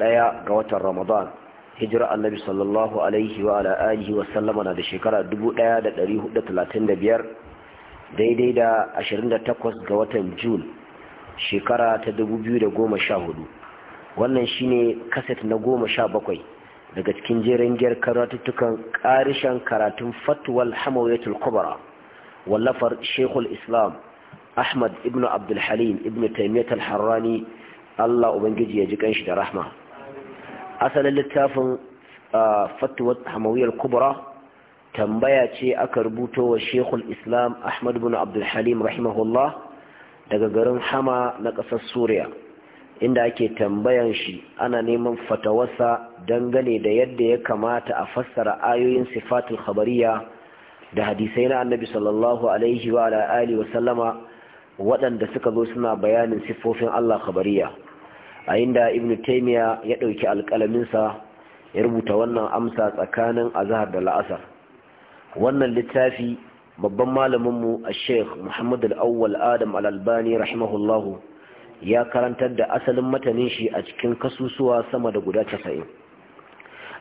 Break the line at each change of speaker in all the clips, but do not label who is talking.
daya ga watan ramadan hijira annabi sallallahu alaihi wa ala alihi wa sallama na da shekara 1435 daidai da 28 ga watan jun shekara ta 2014 wannan shine kaset na 17 daga cikin jerin giyar karatuttukan karishan karatun fatuwal hamawiyatul kubara wallafar shekul islam ahmad ibn abdulhalim ibn taimiyyat al-harrani allah ubangiji ya ji kanshi da rahma asalin littafin fatuwar hamawiyar kubra tambaya ce aka rubuto wa shekul islam ahmad bin abdulhalim rahimahullah daga garin hama na ƙasar suriya inda ake tambayan shi ana neman fatawarsa dangane da yadda ya kamata a fassara ayoyin sifatul khabariya da hadisai na annabi sallallahu alaihi wa alihi wa sallama waɗanda suka zo suna bayanin siffofin Allah khabariya a inda ibn taimiya ya ɗauki alƙalaminsa ya rubuta wannan amsa tsakanin azahar da la'asar wannan littafi babban malaminmu a sheikh Muhammadu al'awwal adam al'albani rahimahullahu ya karantar da asalin matanin shi a cikin kasusuwa sama da guda casa'in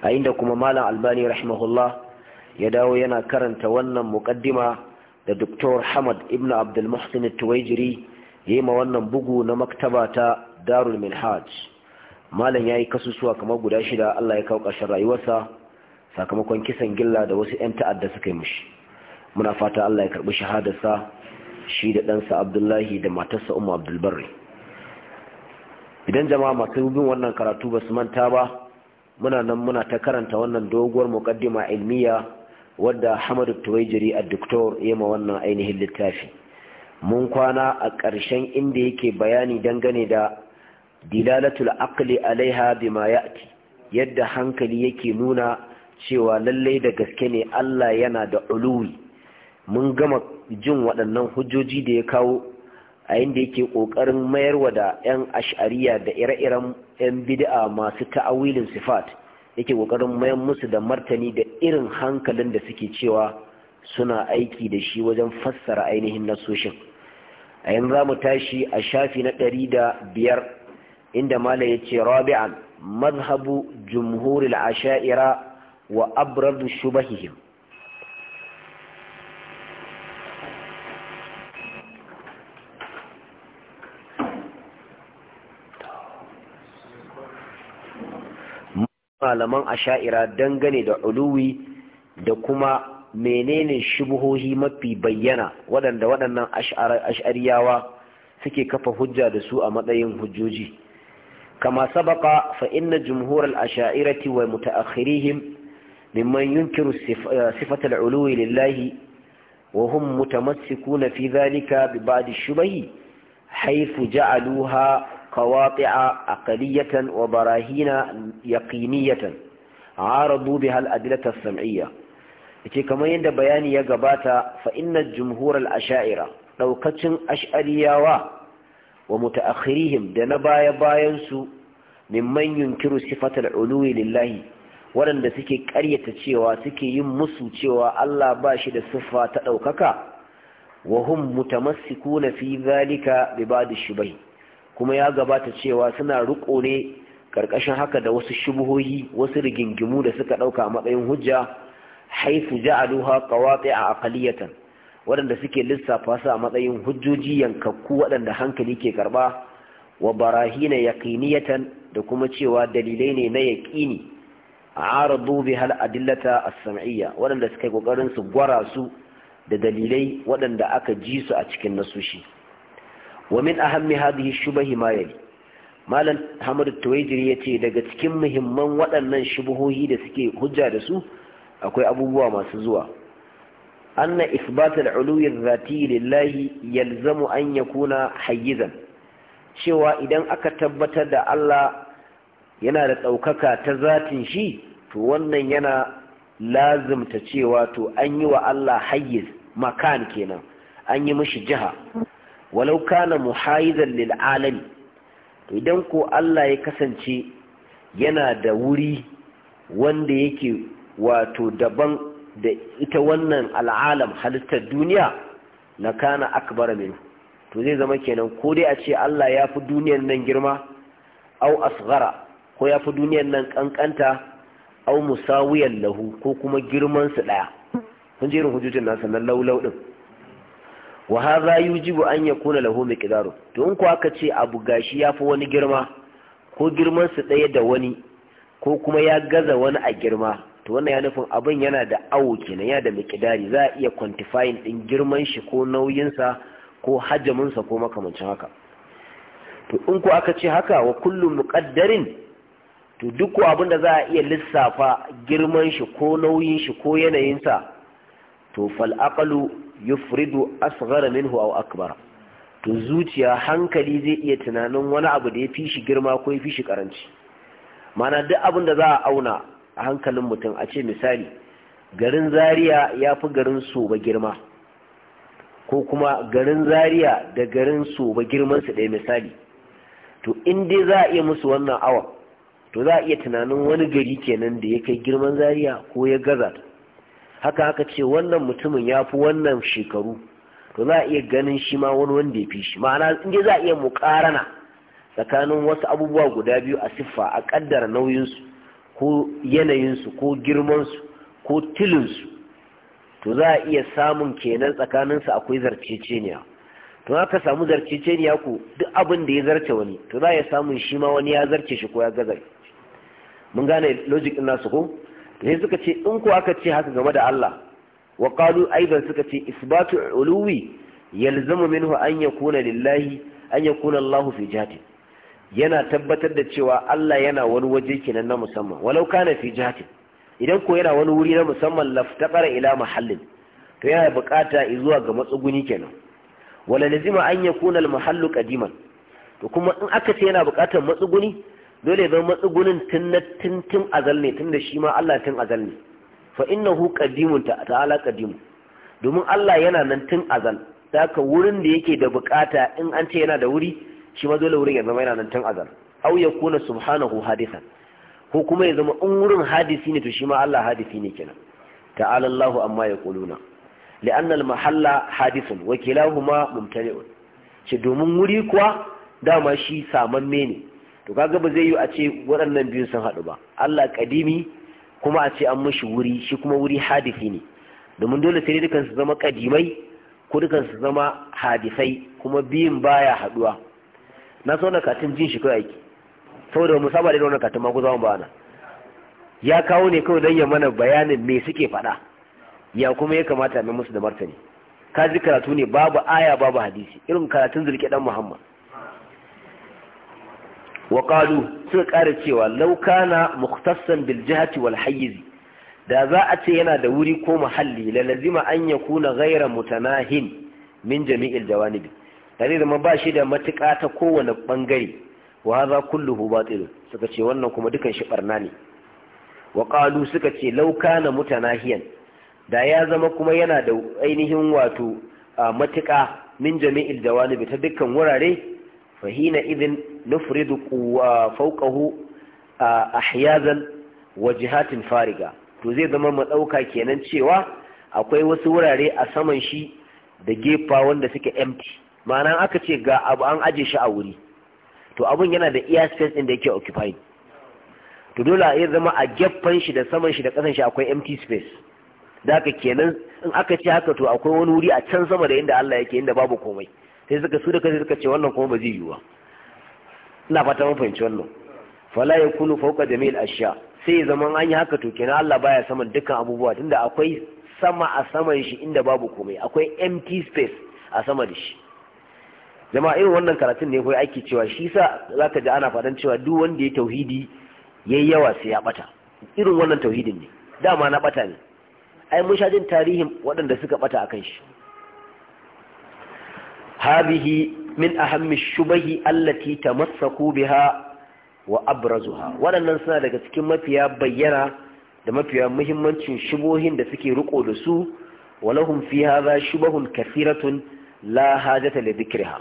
a inda kuma malam albani rahimahullah ya dawo yana karanta wannan mukaddima da Dr. Hamad Ibn Abdul Muhsin Tuwaijiri ya yi ma wannan bugu na maktaba ta darul minhaj malam ya yi kasusuwa kamar guda shida Allah ya kawo ƙarshen rayuwarsa sakamakon kisan gilla da wasu 'yan ta'adda suka yi mishi. muna fata Allah ya karɓi shahadarsa shi da ɗansa abdullahi da matarsa umma abdulbarri idan jama'a masu bin wannan karatu ba su manta ba muna nan muna ta karanta wannan doguwar muqaddima ilmiya wadda hamadu tuwaijiri a doktor ya ma wannan ainihin littafi mun kwana a ƙarshen inda yake bayani dangane da dilalatul aqli alaiha bima ya'ti yadda hankali yake nuna cewa lallai da gaske ne Allah yana da uluwi mun gama jin waɗannan hujjoji da ya kawo a inda yake ƙoƙarin mayarwa da 'yan ash'ariya da ire-iren 'yan bid'a masu ta'awilin sifat yake ƙoƙarin mayar musu da martani da irin hankalin da suke cewa suna aiki da shi wajen fassara ainihin nasoshin a yanzu za mu tashi a shafi na ɗari da biyar inda mala ya ce rabi'an mazhabu jumhuril asha'ira wa abradu shubahihim malaman asha'ira dangane da uluwi da kuma menene shubuhohi mafi bayyana wadanda waɗannan ash'ariyawa suke kafa hujja da su a matsayin hujjoji كما سبق فإن جمهور الأشائرة ومتأخريهم ممن ينكر صفة العلو لله وهم متمسكون في ذلك ببعض الشبه حيث جعلوها قواطع أقلية وبراهين يقينية عارضوا بها الأدلة السمعية إذا كما يند بياني يقباتا فإن الجمهور الأشاعرة لو asha'ira أشأل ياواه wa mutaakhirihim da na baya bayan su mimman yunkiru sifatal uluwi lillahi waɗanda suke ƙaryata cewa suke yin musu cewa Allah ba shi da siffa ta ɗaukaka wa hum mutamassikuna fi zalika bi ba'd shubai kuma ya gabata cewa suna riƙo ne karkashin haka da wasu shubuhohi wasu rigingimu da suka ɗauka a matsayin hujja haifu ja'aluha qawati'a aqliyatan waɗanda suke lissafa su a matsayin hujjoji yankakku waɗanda hankali ke karɓa wa barahina yaqiniyatan da kuma cewa dalilai ne na yaqini aradu biha al-adillata as-sam'iyya waɗanda suka yi kokarin su gwara su da dalilai waɗanda aka ji su a cikin nasushi wa min ahammi hadhihi shubahi ma yali malam Hamadu ya yace daga cikin muhimman waɗannan shubuhohi da suke hujja da su akwai abubuwa masu zuwa أن إثبات العلو الذاتي لله يلزم أن يكون حيزا شوى إذا أكتبت دا الله ينال توككا تذات شي فوانا ينا لازم تشيوى أن يوى الله حيز مكان كينا أن يمش جهة ولو كان محايزا للعالم idan ko Allah ya kasance yana da wuri wanda yake wato daban da ita wannan al'alam halittar duniya na kana akbar min to zai zama kenan ko dai a ce Allah ya fi duniyar nan girma au asghara ko ya fi duniyar nan kankanta au musawiyan lahu ko kuma girman su daya kun jerin hujjojin nasa na laulau din wa hadha yujibu an yakuna lahu miqdaru to in ko aka ce abu gashi ya fi wani girma ko girman su daya da wani ko kuma ya gaza wani a girma to wannan ya nufin abin yana da awo kenan ya da mikidari za a iya kwantifayin ɗin girman shi ko nauyinsa ko hajjaminsa ko makamancin haka to in ko aka ce haka wa kullum muƙaddarin to duk ko abin da za a iya lissafa girman shi ko nauyin shi ko yanayinsa to fal aqlu yufridu asghara minhu aw akbara to zuciya hankali zai iya tunanin wani abu da ya fi shi girma ko ya fi shi karanci mana duk abin da za a auna a hankalin mutum a ce misali garin Zariya ya fi garin soba girma ko kuma garin zaria da garin soba girmansu ɗaya misali to in dai za a iya musu wannan awa to za a iya tunanin wani gari kenan da ya kai girman Zariya ko ya gaza haka haka ce wannan mutumin ya fi wannan shekaru to za a iya ganin shi ma wani wanda ya fi shi ma'ana in za a iya mu muƙarana tsakanin wasu abubuwa guda biyu a siffa a ƙaddara nauyinsu ko yanayinsu ko girmansu ko tilinsu to za a iya samun kenan tsakaninsu akwai zarceceniya to za ka samu zarceceniya ku duk abin da ya zarce wani to za a iya samun shi ma wani ya zarce shi ko ya gazar mun gane logic ɗin nasu ko sai suka ce in ko aka ce haka game da Allah wa qalu aidan suka ce isbatu uluwi yalzamu minhu an yakuna lillahi an yakuna Allahu fi jati yana tabbatar da cewa Allah yana wani waje kenan na musamman walau kana fi jihatin idan ko yana wani wuri na musamman laftaqara ila mahallin to yana bukata zuwa ga matsuguni kenan wala lazima an yakuna al-mahallu qadiman to kuma in aka ce yana bukatar matsuguni dole ya matsugunin tun na tuntun azal ne tun da shi ma Allah tun azal ne fa innahu qadimun ta'ala qadim domin Allah yana nan tun azal da wurin da yake da bukata in an ce yana da wuri shi ma dole wurin ya zama yana nan tun azal aw yakuna subhanahu hadisan ko kuma ya zama in wurin hadisi ne to shi ma Allah hadisi ne kenan ta'ala Allahu amma yaquluna li'anna al-mahalla hadithun wa kilahuma mumtali'un shi domin wuri kuwa dama shi samamme ne to kaga ba zai yi a ce waɗannan biyu sun haɗu ba Allah kadimi kuma a ce an mishi wuri shi kuma wuri hadisi ne domin dole sai dukan su zama kadimai ko dukan su zama hadisai kuma biyun baya haɗuwa na so na katin jin shi kawai aiki saboda mu saba da wannan katin maguzawa ba bana ya kawo ne kawai dan ya mana bayanin me suke faɗa ya kuma ya kamata mai musu da martani ka ji karatu ne babu aya babu hadisi irin karatun zulke dan muhammad wa qalu suka ƙara cewa law kana mukhtassan bil jihati wal hayyiz da za a ce yana da wuri ko muhalli la lazima an yakuna ghayra mutanahin min jami'il jawanib tare da ba shi da matuƙa ta kowane ɓangare wa haza kulluhu batil suka ce wannan kuma dukan shi barna ne wa qalu suka ce law kana mutanahiyan da ya zama kuma yana da ainihin wato matuƙa min jami'il jawanibi ta dukkan wurare fahina idin nufridu quwa fawqahu ahyazan wa jihatin fariga to zai zama mu dauka kenan cewa akwai wasu wurare a saman shi da gefa wanda suke empty ma'ana aka ce ga abu an aje shi a wuri to abun yana da iya space din da yake occupied to dole ya zama a gefen shi da saman shi da kasan shi akwai empty space da haka kenan in aka ce haka to akwai wani wuri a can sama da inda Allah yake inda babu komai sai suka su da kai suka ce wannan kuma ba zai yiwu ba, ina fata mun fahimci wannan fala yakunu fawqa jami'il ashya sai zaman an yi haka to kenan Allah baya saman dukkan abubuwa tunda akwai sama a saman shi inda babu komai akwai empty space a sama da shi jama'a irin wannan karatun ne koyi aiki cewa shi sa za ka ji ana fadan cewa duk wanda ya tauhidi ya yi yawa sai ya bata irin wannan tauhidin ne dama na bata ne ai mun sha jin tarihin waɗanda suka bata akan shi هذه من أهم ta التي biha wa abrazuha waɗannan suna daga cikin mafiya bayyana da mafiya muhimmancin shubohin da suke riko da su walahum fi hadha shubahun kathiratun la hajata li dhikriha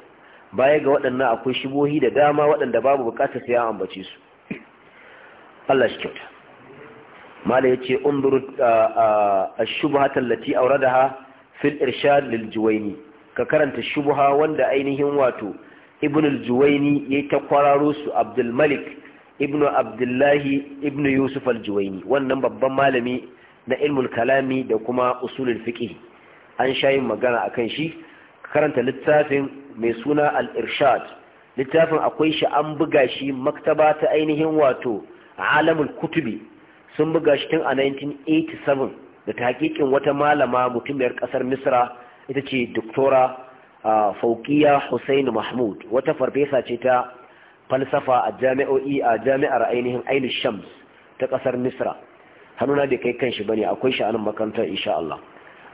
baya ga waɗannan akwai shibohi da dama waɗanda babu bukatar sai an ambace su Allah shi kyauta mala yace unzur ash shubhatu allati awradaha fil irshad lil juwayni ka karanta shubha wanda ainihin wato ibn al-juwayni yayi ta kwararo su abdul malik ibn abdullahi Ibnu yusuf al-juwayni wannan babban malami na ilmul kalami da kuma usulul fiqh an shayin magana akan shi karanta littafin mai suna al-irshad littafin akwai shi an buga shi maktaba ta ainihin wato alamul kutubi sun buga shi tun a 1987 da ta hakikin wata malama mutumiyar ƙasar misra ita ce doktora faukiya hussein mahmud wata farfesa ce ta falsafa a jami'o'i a jami'ar ainihin ainihin shams ta ƙasar misra hannuna da kai kan shi bane akwai sha'anin a insha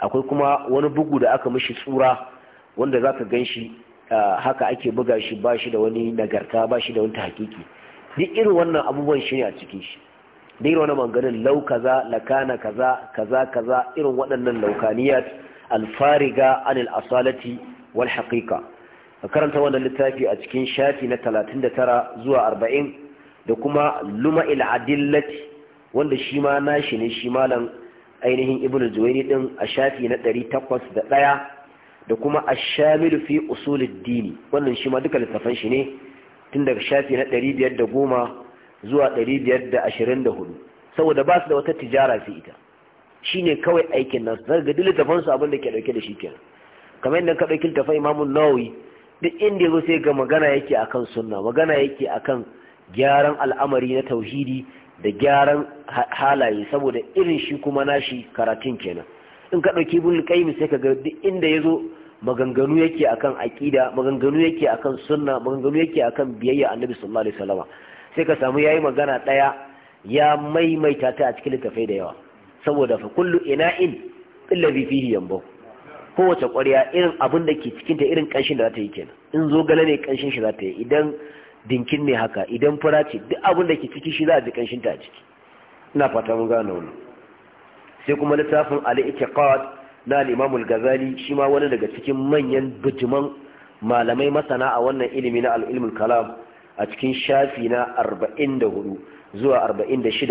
akwai kuma wani bugu da aka mishi tsura wanda za ka gan shi haka ake buga shi ba shi da wani nagarta ba shi da wani hakiki duk irin wannan abubuwan shi ne a cikin shi Duk irin wani maganin lau kaza lakana kaza kaza kaza irin waɗannan laukaniyat alfariga anil asalati wal haqiqa ka karanta wannan littafi a cikin shafi na 39 zuwa 40 da kuma luma adillati wanda shi ma nashi ne shi malam ainihin ibnu juwairi din a shafi na 801 da kuma a shamilu fi dini. wannan shi ma duka littafan shi ne tun daga shafi na 510 zuwa 524 saboda ba su da wata tijara fi ita shi ne kawai aikin nasu su ga duk littafan su abin ke dauke da shi kenan kamar yadda ka dauki littafan, Imam Nawawi duk inda yazo sai ga magana yake akan sunna magana yake akan gyaran al'amari na tauhidi da gyaran halaye saboda irin shi kuma nashi karatun kenan in ka ɗauki ibn sai ka ga duk inda zo maganganu yake akan aƙida, maganganu yake akan sunna maganganu yake akan biyayya annabi sallallahu alaihi wasallam sai ka samu yayi magana ɗaya, ya maimaita ta a cikin littafai da yawa saboda fa kullu ina'in bi fihi yambo kowace ƙwarya irin abin da ke cikin ta irin kanshin da za ta yi kenan in zo gala ne kanshin shi za ta yi idan dinkin ne haka idan fura ce duk abin da ke ciki shi za a ji kanshin ta a ciki ina fata mun gane wannan sai kuma littafin al-i'tiqad na al-imam al-ghazali shi ma wani daga cikin manyan bijiman malamai masana a wannan ilimi na al al kalam a cikin shafi na 44 zuwa 46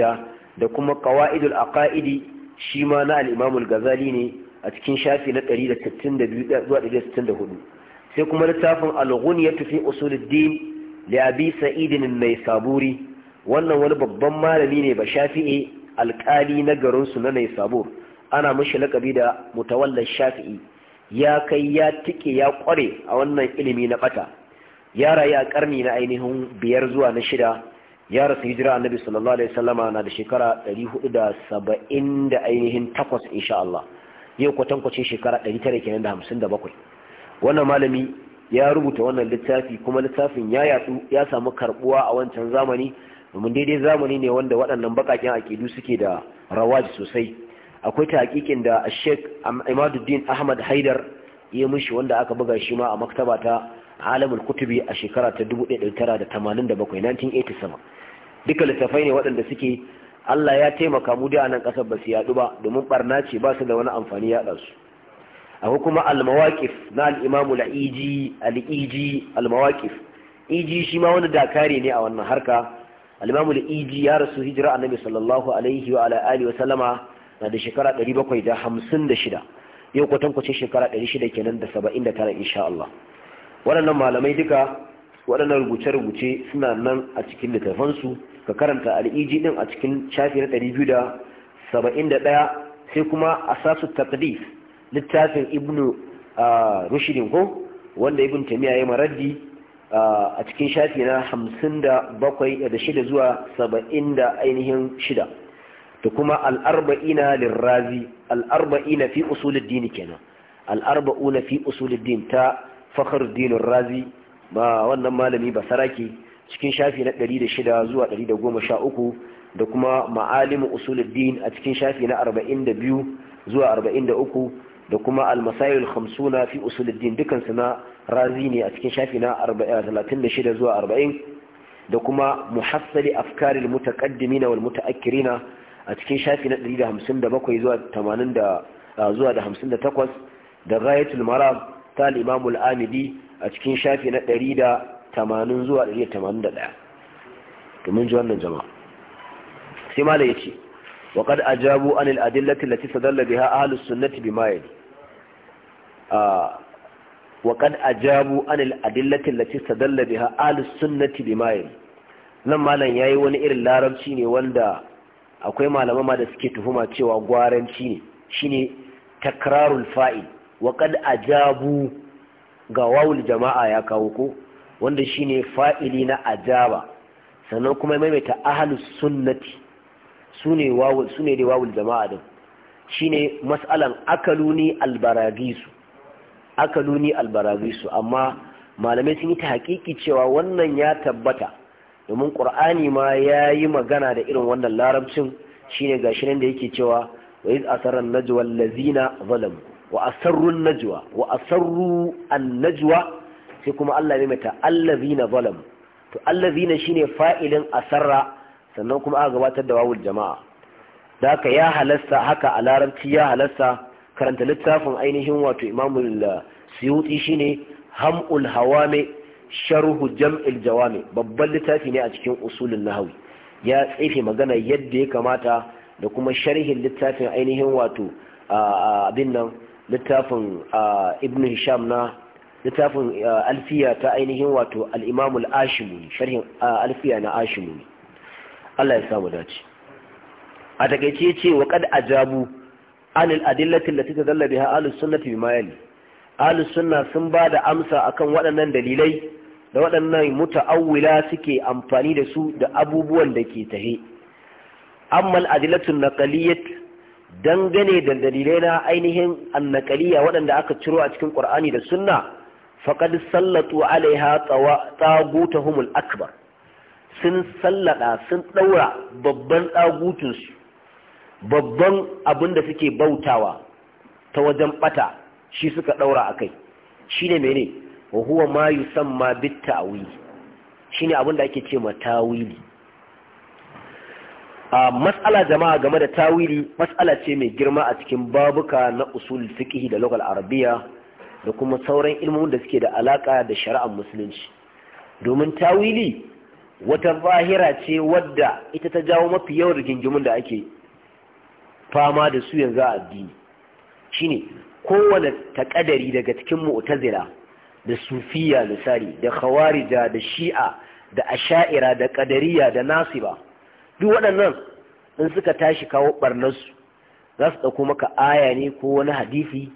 da kuma qawaidul aqaidi shi ma na al-imam al-ghazali ne a cikin shafi na 162 zuwa 164 sai kuma littafin al-ghunyatu fi usuluddin li abi sa'id an-naysaburi wannan wani babban malami ne ba shafi'i alkali na garinsu na Naisabur ana mashi lakabi da mutawallan shafi'i ya kai ya tike ya ƙware a wannan ilimi na bata ya rayu a karni na ainihin biyar zuwa na shida ya rasu hijira annabi sallallahu alaihi wasallama na da shekara 470 da ainihin takwas insha Allah yau kwace shekara 957 wannan malami ya rubuta wannan littafi kuma littafin ya yatsu ya samu karbuwa a wancan zamani domin daidai zamani ne wanda waɗannan baƙaƙen aƙidu suke da rawaji sosai akwai ta haƙiƙin da Sheikh Imaduddin Ahmad Haidar ya mushi wanda aka buga shi ma a maktaba ta Alamul Kutubi a shekara ta 1987 1987 duka littafai ne waɗanda suke Allah ya taimaka mu da nan ƙasar ba su yaɗu ba domin ɓarna ce ba su da wani amfani ya ɗansu akwai kuma almawakif na al'imamu la'iji al'iji almawakif iji shi ma wani dakari ne a wannan harka alimamu imamu iji ya rasu hijira annabi sallallahu alaihi wa ala alihi wa sallama na da shekara 756 yau kwatankwacin shekara 600 kenan da 79 insha Allah waɗannan malamai duka waɗannan rubuce-rubuce suna nan a cikin littafan su ka karanta al'iji ɗin a cikin shafi na 271 sai kuma a sasu taqdis littafin ibnu ah, rushidin ko wanda ibn tamiya ya maraddi a cikin shafi na hamsin da bakwai da shida zuwa saba'in da ainihin shida da kuma al'arba'ina lirrazi al'arba'ina fi usulun dini kenan al'arba'una fi usulun din ta fakar dinin razi ba wannan malami ba saraki cikin shafi na ɗari da shida zuwa ɗari da goma sha uku da kuma ma'alimin usulun din a cikin shafi na arba'in da biyu zuwa arba'in da uku da kuma almasayil khamsuna fi usuluddin dukansu na razi ne a cikin shafi na 36 eh, zuwa 40 da kuma muhassali afkaril mutaqaddimina wal a cikin shafi na 157 zuwa 80 da eh, zuwa da 58 da ghayatul maram ta al-imam al-amidi a cikin shafi na 180 zuwa 181 to ji wannan jama'a sai malai yace وقد اجابوا عن الادله التي استدل بها اهل السنه بما يلي ا وقد اجابوا عن nan malam yayi wani irin larabci ne wanda akwai malaman ma da suke tuhuma cewa gwaranci ne shine takrarul fa'il wa qad ajabu ga wawul jama'a ya kawo ko wanda shine fa'ili na ajaba sannan kuma maimaita ahlus sunnati sune wawul sune da wawul jama'a din shine mas'alan akaluni albaragisu akaluni albaragisu amma malamai sun yi ta hakiki cewa wannan ya tabbata domin qur'ani ma ya yi magana da irin wannan larabcin shine gashi nan da yake cewa wa iz asarran najwa allazina zalam wa najwa wa asarru an najwa sai kuma Allah ya mata allazina zalam to allazina shine fa'ilin asarra sannan kuma aka gabatar da wawul jama'a da haka ya halasta haka a larabci ya halasta karanta littafin ainihin wato imamul shi shine ham'ul hawame sharhu jam'il jawami babban littafi ne a cikin usulun nahawi ya tsefe magana yadda ya kamata da kuma sharhin littafin ainihin wato abin nan littafin ibn hisham na littafin alfiya ta ainihin wato al imamul sharhin alfiya na ashimi Allah ya samu dace a takeice ce wa kad ajabu anil adillati allati tadalla biha ahlus sunnati bima yali ahlus sunna sun ba da amsa akan waɗannan dalilai da waɗannan muta'awwila suke amfani da su da abubuwan da ke tahe amma adilatun naqaliyyat dangane da dalilai na ainihin al-nakaliya waɗanda aka ciro a cikin qur'ani da sunna faqad sallatu alaiha Humul akbar sun sallada sun daura babban ɗagutunsu babban abin da suke bautawa ta wajen bata shi suka daura a kai shi ne mene wa huwa ma yusamma bit ta'wili shi ne abin da ake ce ma tawili a matsala jama'a game da tawili matsala ce mai girma a cikin babuka na usul fiqh da lokal arabiya da kuma sauran ilmomin da suke da alaka da shari'ar musulunci domin tawili wata zahira ce wadda ita ta jawo mafi yawan rigingimun da ake fama da su yanzu a addini shine kowane takadari daga cikin mu'tazila da sufiya misali da khawarija da shi'a da asha'ira da kadariya da nasiba duk waɗannan in suka tashi kawo ɓarnarsu, za su ɗauko maka aya ne ko wani hadisi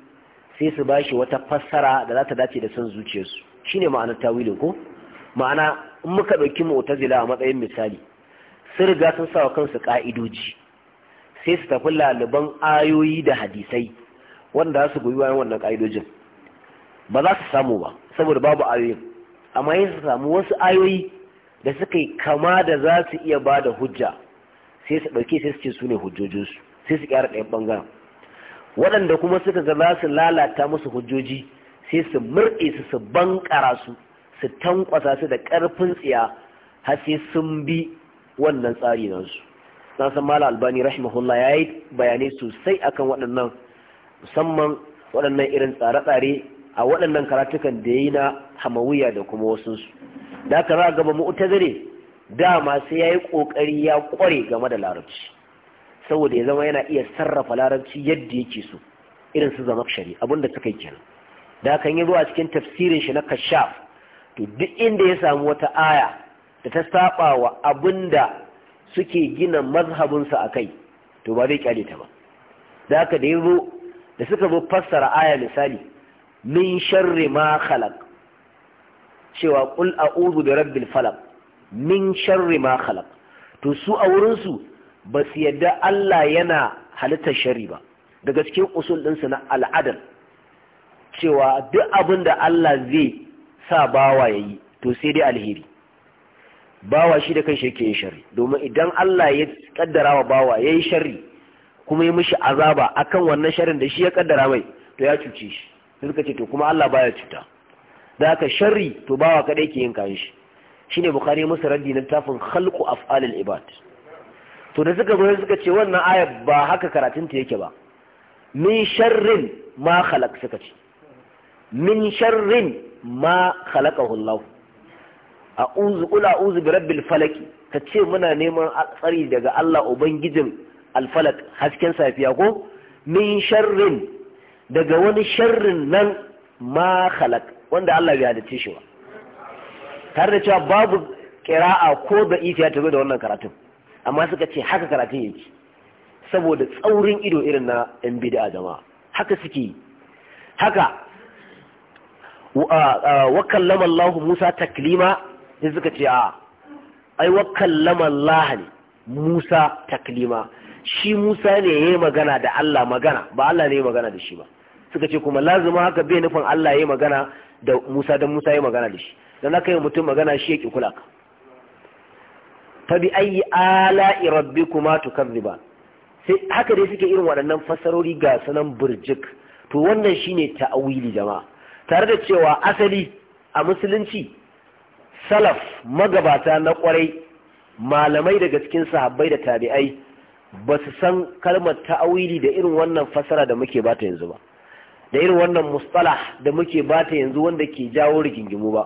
sai su bashi wata fassara da za ta dace da son zuciyarsu shine ma'anar tawilin ko ma'ana in muka ɗauki mu'tazila a matsayin misali sun riga sun sa wa kansu ƙa'idoji sai su tafi laliban ayoyi da hadisai wanda za su goyi bayan wannan ƙa'idojin ba za su samu ba saboda babu ayoyi amma yin su samu wasu ayoyi da suka yi kama da za su iya ba da hujja sai su ɗauke sai su ce su ne hujjojinsu sai su kyara ɗayan ɓangaren waɗanda kuma suka ga za su lalata musu hujjoji sai su murɗe su su bankara su su tankwasa su da ƙarfin tsiya har sai sun bi wannan tsari na na san mala albani rahimahullah ya yi bayanai sosai akan waɗannan musamman waɗannan irin tsare-tsare a waɗannan karatukan da ya yi na hamawiya da kuma wasu su da aka za gaba zare dama sai ya yi ƙoƙari ya ƙware game da larabci saboda ya zama yana iya sarrafa larabci yadda yake so irin su zama shari abinda suka yi kenan da kan yi zuwa cikin tafsirin shi na kashaf to duk inda ya samu wata aya da ta saba wa abinda suke gina mazhabinsu a kai to ba zai kyale ta ba da haka da yazo da suka zo fassara aya misali min sharri ma khalaq cewa qul a'udhu bi rabbil falaq min sharri ma khalaq to su a wurin su ba su yadda Allah yana halittar sharri ba daga cikin usul ɗinsu na al'adar cewa duk abin Allah zai sa bawa ya yi to sai dai alheri bawa shi da kanshi yake yin sharri domin idan Allah ya kaddara wa bawa ya yi sharri kuma ya mishi azaba akan wannan sharin da shi ya kaddara mai to ya cuce shi sai ce to kuma Allah baya cuta da aka sharri to bawa kada yake yin kayan shi shine bukhari musu raddi na tafin halku af'alil ibad to da suka suka ce wannan aya ba haka karatun ta yake ba min sharrin ma halak suka ce min sharrin ma khalaqahu Allah a'udhu qul a'udhu bi rabbil falaq ka ce muna neman tsari daga Allah ubangijin alfalak hasken safiya ko min sharrin daga wani sharrin nan ma khalaq wanda Allah ya halice shi wa tare da cewa babu a ko da ifiya ta zo da wannan karatun amma suka ce haka karatun yake saboda tsaurin ido irin na yan bid'a jama'a haka suke haka wa kallama Allah Musa taklima sai suka ce a ai wa kallama Allah Musa taklima shi Musa ne yayi magana da Allah magana ba Allah ne yayi magana da shi ba suka ce kuma lazima haka bai nufin Allah ya magana da Musa dan Musa yayi magana da shi dan haka yi mutum magana shi yake kula ka fa bi ayi ala'i rabbikuma tukadziban sai haka dai suke irin waɗannan fasarori ga sanan burjik to wannan shine ta'awili jama'a tare da cewa asali a musulunci salaf magabata na kwarai malamai daga cikin sahabbai da tabi'ai ba su san kalmar ta'awili da irin wannan fasara da muke bata yanzu ba da irin wannan mustalah da muke bata yanzu wanda ke jawo rigingimu ba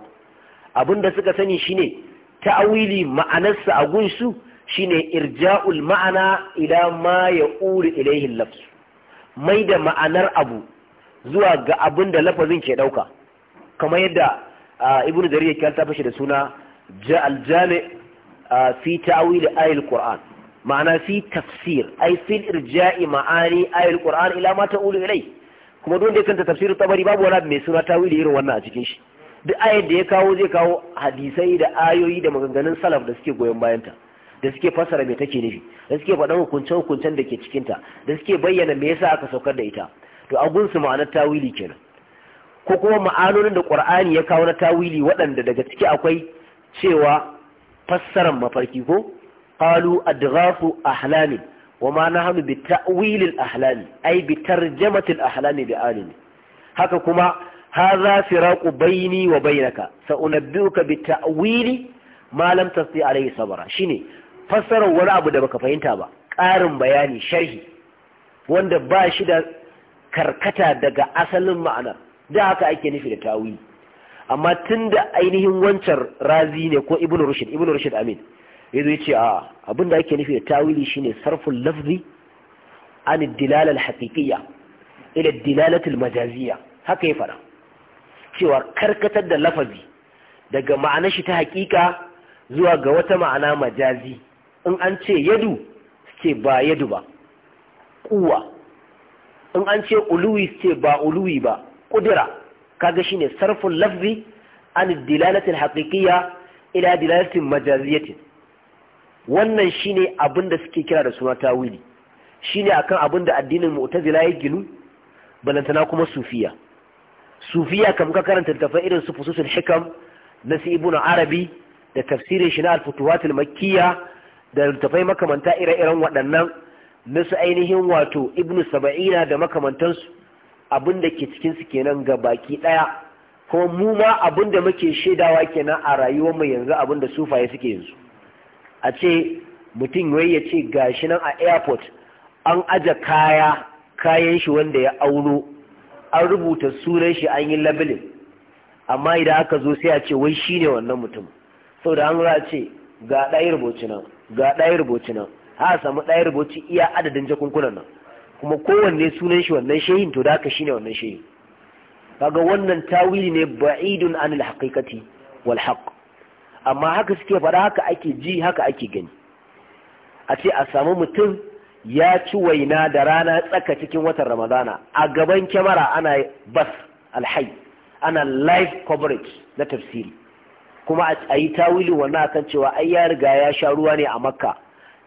abin da suka sani shine ta'awili ma'anarsa a gunsu shine irja'ul ma'ana ila ma ya uri ilaihin lafsu mai da ma'anar abu zuwa ga abin da lafazin ke dauka kamar yadda ibnu jarir ya kalta fashi da suna al-jami fi ta'wil ayil qur'an ma'ana fi tafsir ay fi irja'i ma'ani ayil qur'an ila ma ta'ulu ilai kuma duk da kanta tafsirin tabari babu wani mai suna tawili irin wannan a cikin shi duk ayar da ya kawo zai kawo hadisai da ayoyi da maganganun salaf da suke goyon ta. da suke fassara me take nufi da suke faɗan hukunce hukuncen da ke cikinta da suke bayyana me yasa aka saukar da ita to abunsu ma'anar tawili kenan ko kuma ma'anonin da ƙur'ani ya kawo na tawili waɗanda daga ciki akwai cewa fassaran mafarki ko ƙalu adghafu ahlami wa ma na hannu bi ta'wilin ahlami ai bi tarjamatin ahlami bi alimi haka kuma ha za su raƙu bayini wa bayinaka sa'unabbiuka bi ta'wili ma lam tasdi alaihi sabara shine fassarar wani abu da baka fahimta ba ƙarin bayani sharhi wanda ba shi da karkata daga asalin ma'anar da haka ake nufi da tawili amma tunda ainihin wancan razi ne ko Ibn rushd Ibn rushd amin yazo yace a abinda ake nufi da tawili shine sarful lafzi an ad-dilala ila ad-dilalati majaziyya haka ya fara cewa karkatar da lafazi daga ma'anar shi ta hakika zuwa ga wata ma'ana majazi in an ce yadu ce ba yadu ba kuwa in an ce uluwi ce ba uluwi ba kudura kaga shine sarfin lafzi an dilalatin haƙiƙiya ila dilalatin majaziyatin wannan shine abin da suke kira da suna tawili shine akan abin da addinin mu'tazila ya ginu balantana kuma sufiya sufiya kam ka karanta tafai irin su fususun hikam na su ibnu arabi da tafsirin shi na al da tafai makamanta ire-iren waɗannan nasu ainihin wato ibnu saba'ina da makamantansu abin da ke cikinsu kenan ga baki ɗaya kuma mu ma abin da muke shaidawa kenan a rayuwar mu yanzu abin da sufaye suke yanzu a ce mutum wai ya ce gashi nan a airport an aja kaya kayan shi wanda ya auno an rubuta sunan shi an yi labelin amma idan aka zo sai a ce wai shine wannan mutum saboda an za ce ga ɗaya rubuci nan ga ɗaya rubuci nan a samu ɗaya rubuci iya adadin jakunkunan nan kuma kowanne sunan shi wannan shehin to da shi ne wannan shehin kaga wannan tawili ne ba'idun an haqiqati wal haqq amma haka suke fara haka ake ji haka ake gani a ce a samu mutum ya ci waina da rana tsaka cikin watan ramadana a gaban kyamara ana bas alhai ana live coverage na tafsiri kuma a yi tawili wannan kan cewa ai ya riga ya sha ruwa ne a makka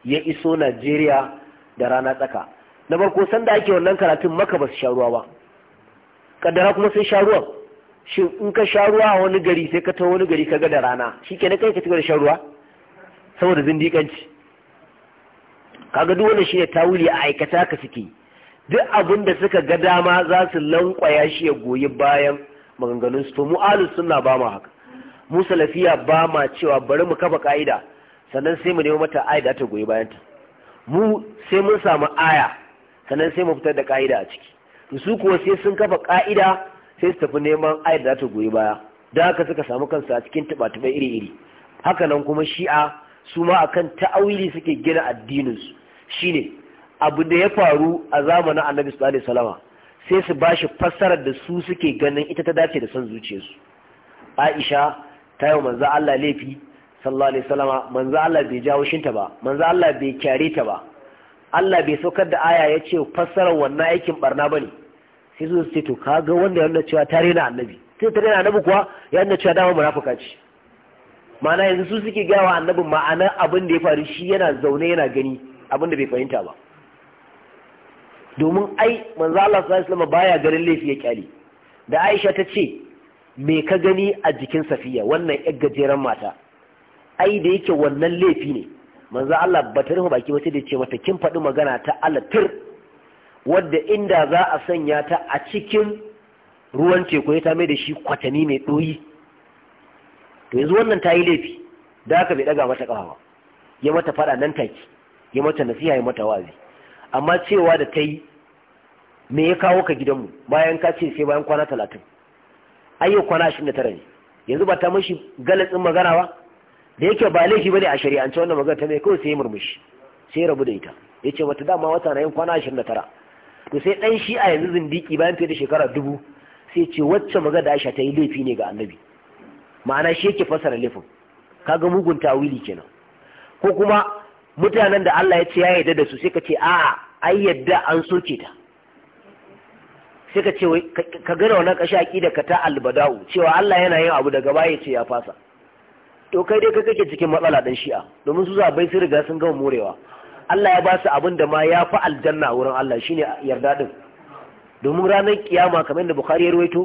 ya iso Najeriya da rana tsaka na farko sanda ake wannan karatun maka ba su sha ruwa ba kaddara kuma sai sha shi in ka sha ruwa a wani gari sai ka ta wani gari ka ga da rana shi ke kai ka cigaba da sharuwa saboda zindiƙanci kaga duk wanda shi ne tawuli a aikata ka suke duk abin da suka ga dama za su lankwaya shi ya goyi bayan maganganun su to mu suna suna ba mu haka mu salafiya ba ma cewa bari mu kafa ka'ida sannan sai mu nemo mata aya da ta goyi bayanta mu sai mun samu aya sannan sai mu fitar da ka'ida a ciki to su kuwa sai sun kafa ka'ida sai su tafi neman aya da ta goyi baya don haka suka samu kansu a cikin tuba-tuba iri-iri haka nan kuma shi'a su ma a kan ta'awili suke gina addininsu, su shine abu da ya faru a zamanin annabi sallallahu alaihi sai su bashi fassarar da su suke ganin ita ta dace da son zuciyarsu Aisha ta yi manzo Allah laifi sallallahu alaihi wasallama manzo Allah bai jawo shinta ba manzo Allah bai kyare ta ba Allah bai saukar da aya ya ce fassarar wannan aikin barna bane sai su ce to kaga wanda ya nuna cewa tare na annabi sai tare na annabi kuwa ya nuna cewa dama munafuka ce ma'ana yanzu su suke wa annabi ma'anar abin da ya faru shi yana zaune yana gani abin da bai fahimta ba domin ai manzo Allah sallallahu alaihi wasallama baya garin laifi ya kyale da Aisha ta ce me ka gani a jikin Safiya wannan yar gajeren mata ai da yake wannan laifi ne manzo Allah ba ta rufe baki ba sai da ce mata kin faɗi magana ta alatir wadda inda za a sanya ta a cikin ruwan teku ya ta mai da shi kwatani mai ɗoyi to yanzu wannan ta yi laifi da ka bai ɗaga mata ƙafa ba ya mata faɗa nan take ya mata nasiha ya mata wazi amma cewa da ta yi me ya kawo ka gidanmu bayan ka ce sai bayan kwana talatin ai kwana ashirin da tara ne yanzu ba ta mashi galatsin magana ba da yake ba laifi bane a shari'ance wannan magana ta mai kawai sai murmushi sai rabu da ita yace wata dama wata na yin kwana 29 to sai dan shi a yanzu zindiki bayan fiye da shekara dubu sai ce wacce magana da Aisha ta yi laifi ne ga Annabi ma'ana shi yake fasara laifin kaga mugun tawili kenan ko kuma mutanen da Allah ya ce ya yarda da su sai ka ce a'a ai yadda an soke ta sai ka ce ka gane wannan kashi aqida ka ta albada'u cewa Allah yana yin abu daga baya ce ya fasa to kai dai ka kake cikin matsala dan shi'a domin su zabai sun riga sun gama morewa Allah ya ba su abin da ma ya fi aljanna wurin Allah shine yarda din domin ranar kiyama kamar yadda Bukhari ya ruwaito,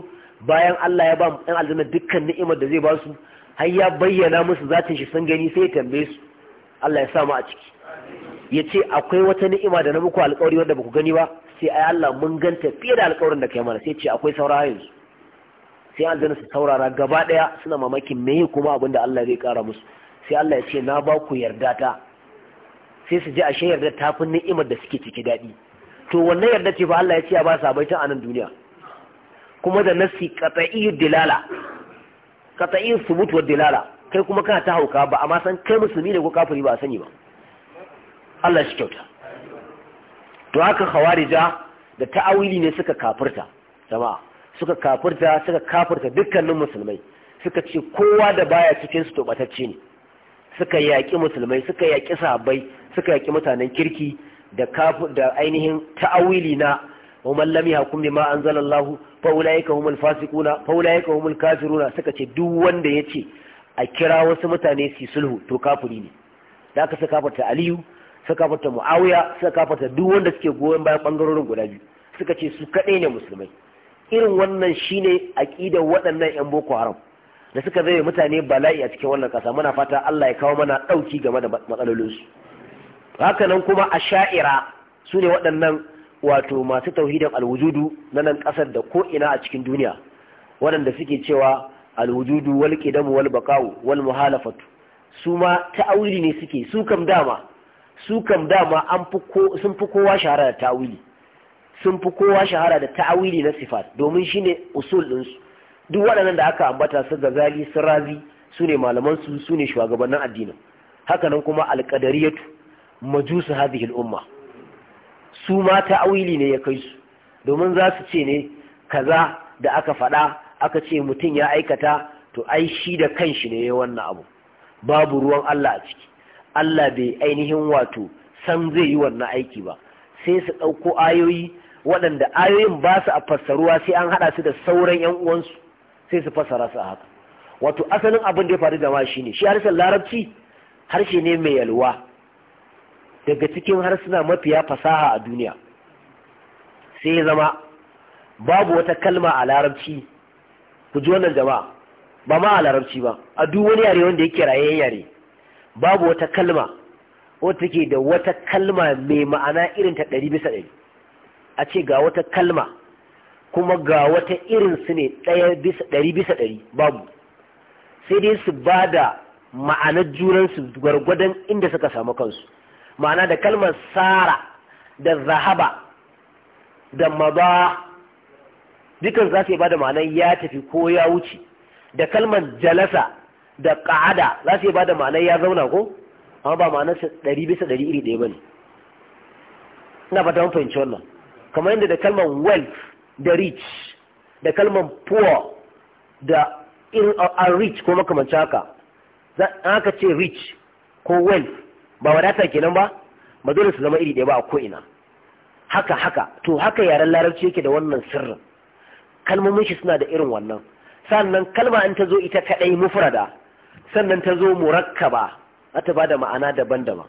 bayan Allah ya ba mu ɗan aljanna dukkan ni'imar da zai ba su har ya bayyana musu zatin shi sun gani sai ya tambaye su Allah ya sa mu a ciki ya ce akwai wata ni'ima da na muku alƙawari wanda ba ku gani ba sai ai Allah mun ganta fiye da alƙawarin da kai mana sai ce akwai saura yanzu sai zana su saurara gaba daya suna mamakin meye kuma abin da Allah zai kara musu sai Allah ya ce na ba ku yarda ta sai su ji ashe yarda ta fi ni'imar da suke ciki daɗi to wannan yarda ce fa Allah ya ce ya ba sabai a anan duniya kuma da nasi qat'iyyu dilala qat'iyyu subut wa dilala kai kuma kana ta hauka ba amma san kai musulmi ne ko kafiri ba sani ba Allah shi kyauta to haka khawarija da ta'awili ne suka kafirta jama'a suka kafirta suka kafirta dukkanin musulmai suka ce kowa da baya cikin su tobatacce ne suka yaƙi musulmai suka yaƙi sahabbai suka yaƙi mutanen kirki da da ainihin ta'awili na wa man lam yahkum bima anzalallahu fa ulaika humul fasiquna fa ulaika humul kafiruna suka ce duk wanda yace a kira wasu mutane su sulhu to kafiri ne da aka saka fata aliyu suka fata muawiya suka fata duk wanda suke goyon bayan bangarorin guda biyu suka ce su kadai ne musulmai irin wannan shine aqidar waɗannan yan boko haram da suka zai mutane bala'i a cikin wannan ƙasa muna fata Allah ya kawo mana ɗauki game da matsalolinsu Hakanan kuma a sha'ira su ne waɗannan wato masu tauhidin alwujudu na nan ƙasar da ko'ina a cikin duniya waɗanda suke cewa alwujudu wal qidamu wal baqa'u wal muhalafatu su ma ta'awili ne suke su kam dama su dama sun fi kowa shahara da ta'awili sun fi kowa shahara da ta'awili na sifat domin ne usul ɗinsu duk waɗannan da aka ambata su gazali su razi su ne malamansu su ne shugabannin addinin hakanan kuma alƙadariyatu majusu hadhihi al'umma su ma ta'awili ne ya kai su domin za su ce ne kaza da aka faɗa aka ce mutum ya aikata to ai shi da kanshi ne ya wannan abu babu ruwan Allah a ciki Allah bai ainihin wato san zai yi wannan aiki ba sai su ɗauko ayoyi waɗanda ayoyin ba su a fassaruwa sai an haɗa su da sauran yan uwansu sai su fassara su a haka wato asalin abin da ya faru da ma shine shi harshen larabci harshe ne mai yalwa daga cikin harsuna mafiya fasaha a duniya sai ya zama babu wata kalma a larabci ku ji wannan jama'a ba ma a larabci ba a duk wani yare wanda yake rayayyen yare babu wata kalma wata ke da wata kalma mai ma'ana irin ta ɗari bisa ɗari a ce ga wata kalma kuma ga wata irinsu ne ɗaya bisa ɗari bisa ɗari babu sai dai su ba da ma'anar junansu gwargwadon inda suka samu kansu ma'ana da kalmar sara da zahaba da maba dukan za su yi ba da ma'anar ya tafi ko ya wuce da kalmar jalasa da ƙa'ada za su yi ba da ma'anar ya zauna ko amma ba ma'anar ɗari bisa ɗari iri ɗaya ba ne ina fata mun fahimci wannan kamar yadda da kalmar wealth da rich da kalmar poor da irin a rich ko makamanci haka aka ce rich ko wealth ba wadata kenan ba ba dole su zama iri ɗaya ba a ko'ina haka haka to haka yaren larabci yake da wannan sirrin kalmomin shi suna da irin wannan sannan kalma in ta zo ita kaɗai mufrada sannan ta zo murakkaba za ta ba da ma'ana daban-daban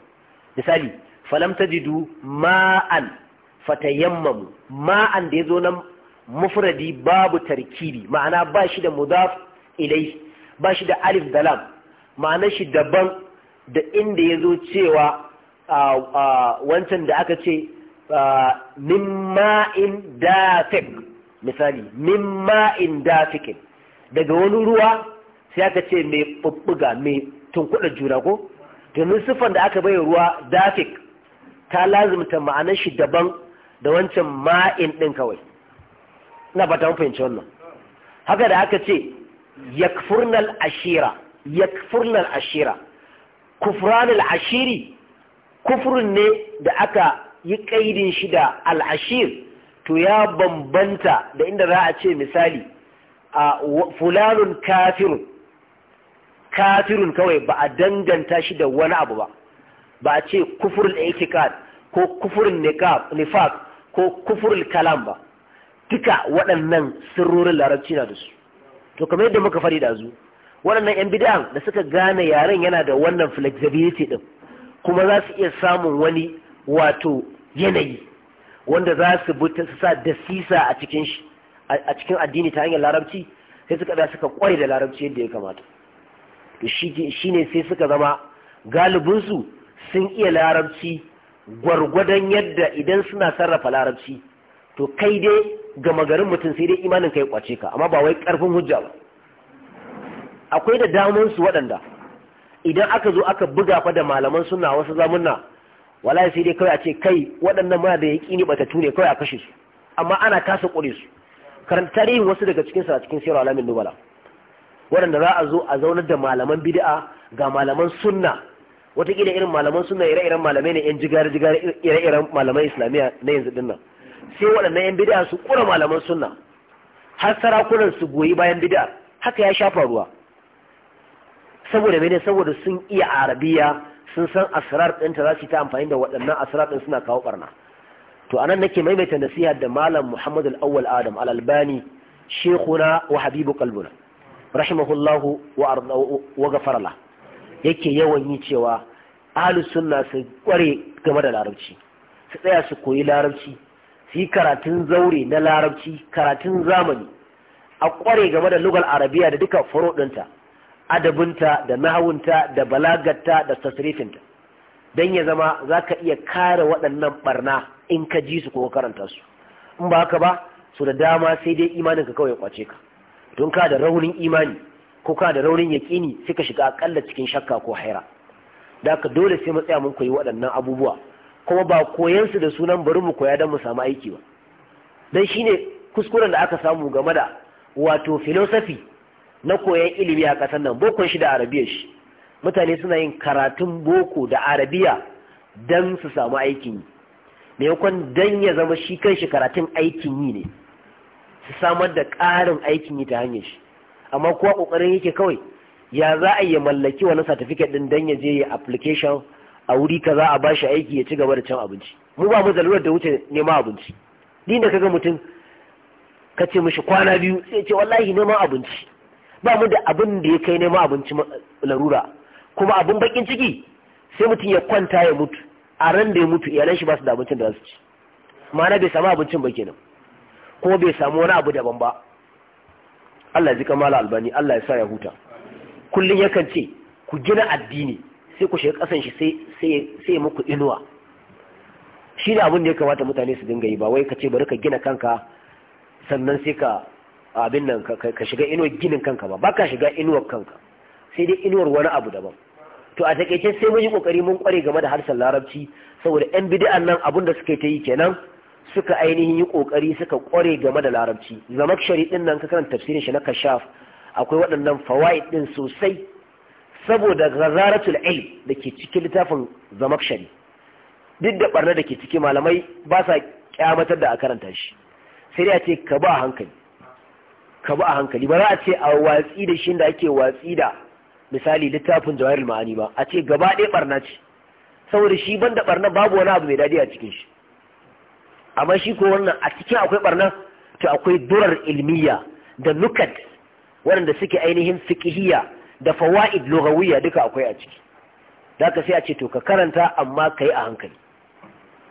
misali falam tajidu ma'an fatayammamu ma'an da ya zo nan mufradi babu tarkibi ma'ana ba shi da mudaf ilai ba shi da alif dalam lam ma'ana shi daban da inda ya zo cewa wancan da aka ce min ma'in dafik misali min ma'in dafiqin daga wani ruwa sai aka ce mai ɓuɓɓuga mai tunkuɗa juna ko domin siffan da aka bai ruwa dafik ta lazimta ma'anar shi daban da wancan ma'in ɗin kawai ina ba ta fahimci wannan haka da aka ce yakfurnal ashira yakfurnal ashira kufranil ashiri kufrun ne da aka yi ƙa'idin shi da al'ashir to ya bambanta da inda za a ce misali a fulanun kafirun kafirun kawai ba a danganta shi da wani abu ba ba a ce kufurin etikad, ko kufurin nifaq ko kufurul kalam ba duka waɗannan sirrorin larabci na da su to kamar yadda muka fari da zu waɗannan yan bid'an da suka gane yaren yana da wannan flexibility din kuma za su iya samun wani wato yanayi wanda za su bi su sa dasisa a cikin shi a cikin addini ta hanyar larabci sai suka da suka kware da larabci yadda ya kamata to shi ne sai suka zama galibinsu sun iya larabci gwargwadon yadda idan suna sarrafa larabci to kai dai gama garin mutum sai dai imanin kai kwace ka amma ba wai karfin hujja ba akwai da damun su waɗanda idan aka zo aka buga fa da malaman suna wasu zamunna wallahi sai dai kawai a ce kai waɗannan ma da ne bata ne kawai a kashe su amma ana kasa ƙure su karanta tarihin wasu daga cikin sa cikin sirar alamin nubala waɗanda za a zo a zaunar da malaman bid'a ga malaman sunna watakila irin malaman suna ire-iren malamai ne yan jigar-jigar ire-iren malaman islamiyya na yanzu dinnan sai waɗannan yan bid'a su kura malaman suna har sarakunan su goyi bayan bid'a haka ya shafa ruwa saboda mene saboda sun iya arabiya sun san asrar ɗinta za su ta amfani da waɗannan asrar ɗin suna kawo ɓarna to anan nake maimaita nasiha da malam muhammad al-awwal adam Alalbani albani shekuna wa habibu kalbuna rahimahullahu wa gafara yake yawan yi cewa ahlus sunna su kware game da larabci su tsaya su koyi larabci su yi karatun zaure na larabci karatun zamani a kware game da lugal arabiya da duka farodinta adabinta da nahawunta da balagarta da tasrifinta don ya zama za ka iya kare waɗannan barna in ka ji su ko karanta su in ba haka ba su da dama sai dai imaninka kawai kwace ka don ka da raunin imani ko ka da raunin yaƙini suka shiga akalla cikin shakka ko haira da haka dole sai matsaya tsaya mun koyi waɗannan abubuwa kuma ba koyan su da sunan bari mu koya don mu samu aiki ba dan shine kuskuren da aka samu game da wato philosophy na koyan ilimi a ƙasar nan bokon shi da arabiya shi mutane suna yin karatun boko da arabiya don su samu aikin yi maimakon don ya zama shi kanshi karatun aikin yi ne su samar da ƙarin aikin yi ta hanyar shi amma kowa kokarin yake kawai ya za a yi mallaki wani satifiket din dan ya je ya application a wuri ka za a bashi aiki ya ci gaba da cin abinci mu ba mu zalurar da wuce neman abinci ni da kaga mutum ka ce mishi kwana biyu sai ce wallahi neman abinci ba mu da abin da ya kai neman abinci larura kuma abin bakin ciki sai mutum ya kwanta ya mutu a ran da ya mutu iyalan shi ba su da abincin da za su ci ma'ana bai samu abincin ba kenan ko bai samu wani abu daban ba Allah ji kamala albani Allah ya sa ya huta kullun yakan ce ku gina addini sai ku shiga kasan shi sai sai sai muku inuwa shi ne abin da ya kamata mutane su dinga yi ba wai ka ce bari ka gina kanka sannan sai ka abin nan ka shiga inuwar ginin kanka ba baka shiga inuwar kanka sai dai inuwar wani abu daban to a takaice sai mun yi kokari mun kware game da harshen larabci saboda yan bid'an nan abin da suke ta yi kenan suka ainihin yi kokari suka kware game da larabci shari din nan ka karanta tafsirin shi na kashaf akwai waɗannan fawaid din sosai saboda gazaratul ilm da ke cikin littafin shari duk da barna da ke ciki malamai ba sa kyamatar da a karanta shi sai dai a ce ka ba a hankali ka ba a hankali ba za a ce a watsi da shi da ake watsi da misali littafin jawahirul ma'ani ba a ce gaba ɗaya barna ce saboda shi banda barna babu wani abu mai dadi a cikin shi amma shi ko wannan a cikin akwai barna to akwai durar ilmiya da nukat waɗanda suke ainihin fikihiya da fawaid lugawiyya duka akwai a ciki zaka sai a ce to ka karanta amma ka yi a hankali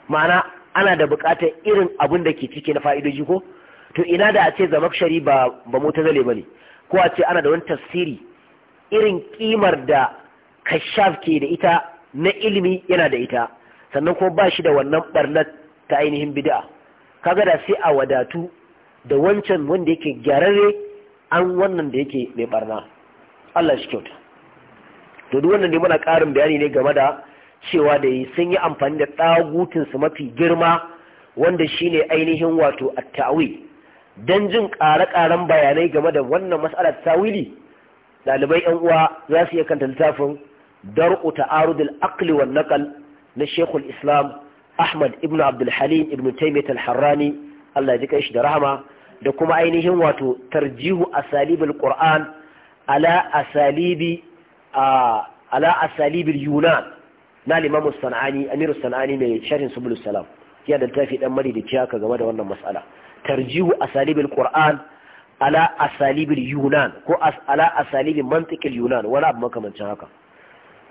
ma'ana ana da buƙatar irin abun da ke ciki na fa'idoji ko to ina da a ce zamakshari ba ba mutazale bane ko a ce ana da wani tafsiri irin kimar da kashaf ke da ita na ilimi yana da ita sannan kuma ba shi da wannan barnat ta ainihin bid'a kaga da sai a wadatu da wancan wanda yake gyararre an wannan da yake mai barna Allah shi kyauta to duk wannan ne muna karin bayani ne game da cewa da sun yi amfani da su mafi girma wanda shine ainihin wato at-ta'wil dan jin ƙare-ƙaren bayanai game da wannan mas'alar tawili Dalibai yan uwa za su iya kanta littafin dar'u ta'arudul aqli wan naqal na Sheikhul Islam Ahmad ibn Abdul Halim ibn Taymiyyah al-Harrani Allah ya kai shi da rahama da kuma ainihin wato tarjihu asalibul Qur'an ala asalibi ala asalibil Yunan na Imam Sanani Amir Sanani mai sharhin Subul Salam ya da tafi dan mari da kiyaka game da wannan mas'ala tarjihu asalibil Qur'an ala asalibil Yunan ko ala asalibil mantiqil Yunan wala abu makamancin haka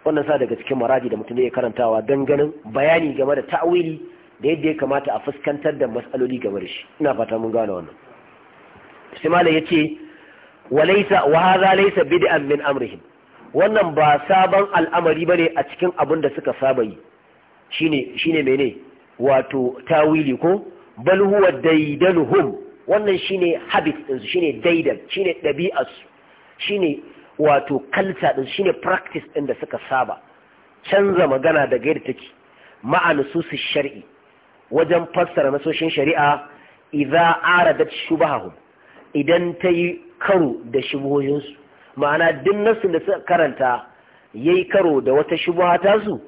wannan sa daga cikin maradi da mutum ya karantawa don ganin bayani game da ta'awili da yadda ya kamata a fuskantar da matsaloli game da shi ina fata mun gane wannan sai malam yace walaysa wa hadha laysa bid'an min amrihim wannan ba sabon al'amari bane a cikin abin da suka saba yi shine shine mene wato tawili ko bal huwa daidanuhum wannan shine habit din su shine daidan shine dabi'ar su shine wato kalca din shine practice din da suka saba canza magana da yadda take ma'ana su su shar'i wajen fassara nasoshin shari'a idza aradat shubahum idan ta yi karo da shubuhoyinsu ma'ana duk nasu da suka karanta ya yi karo da wata shubuha ta su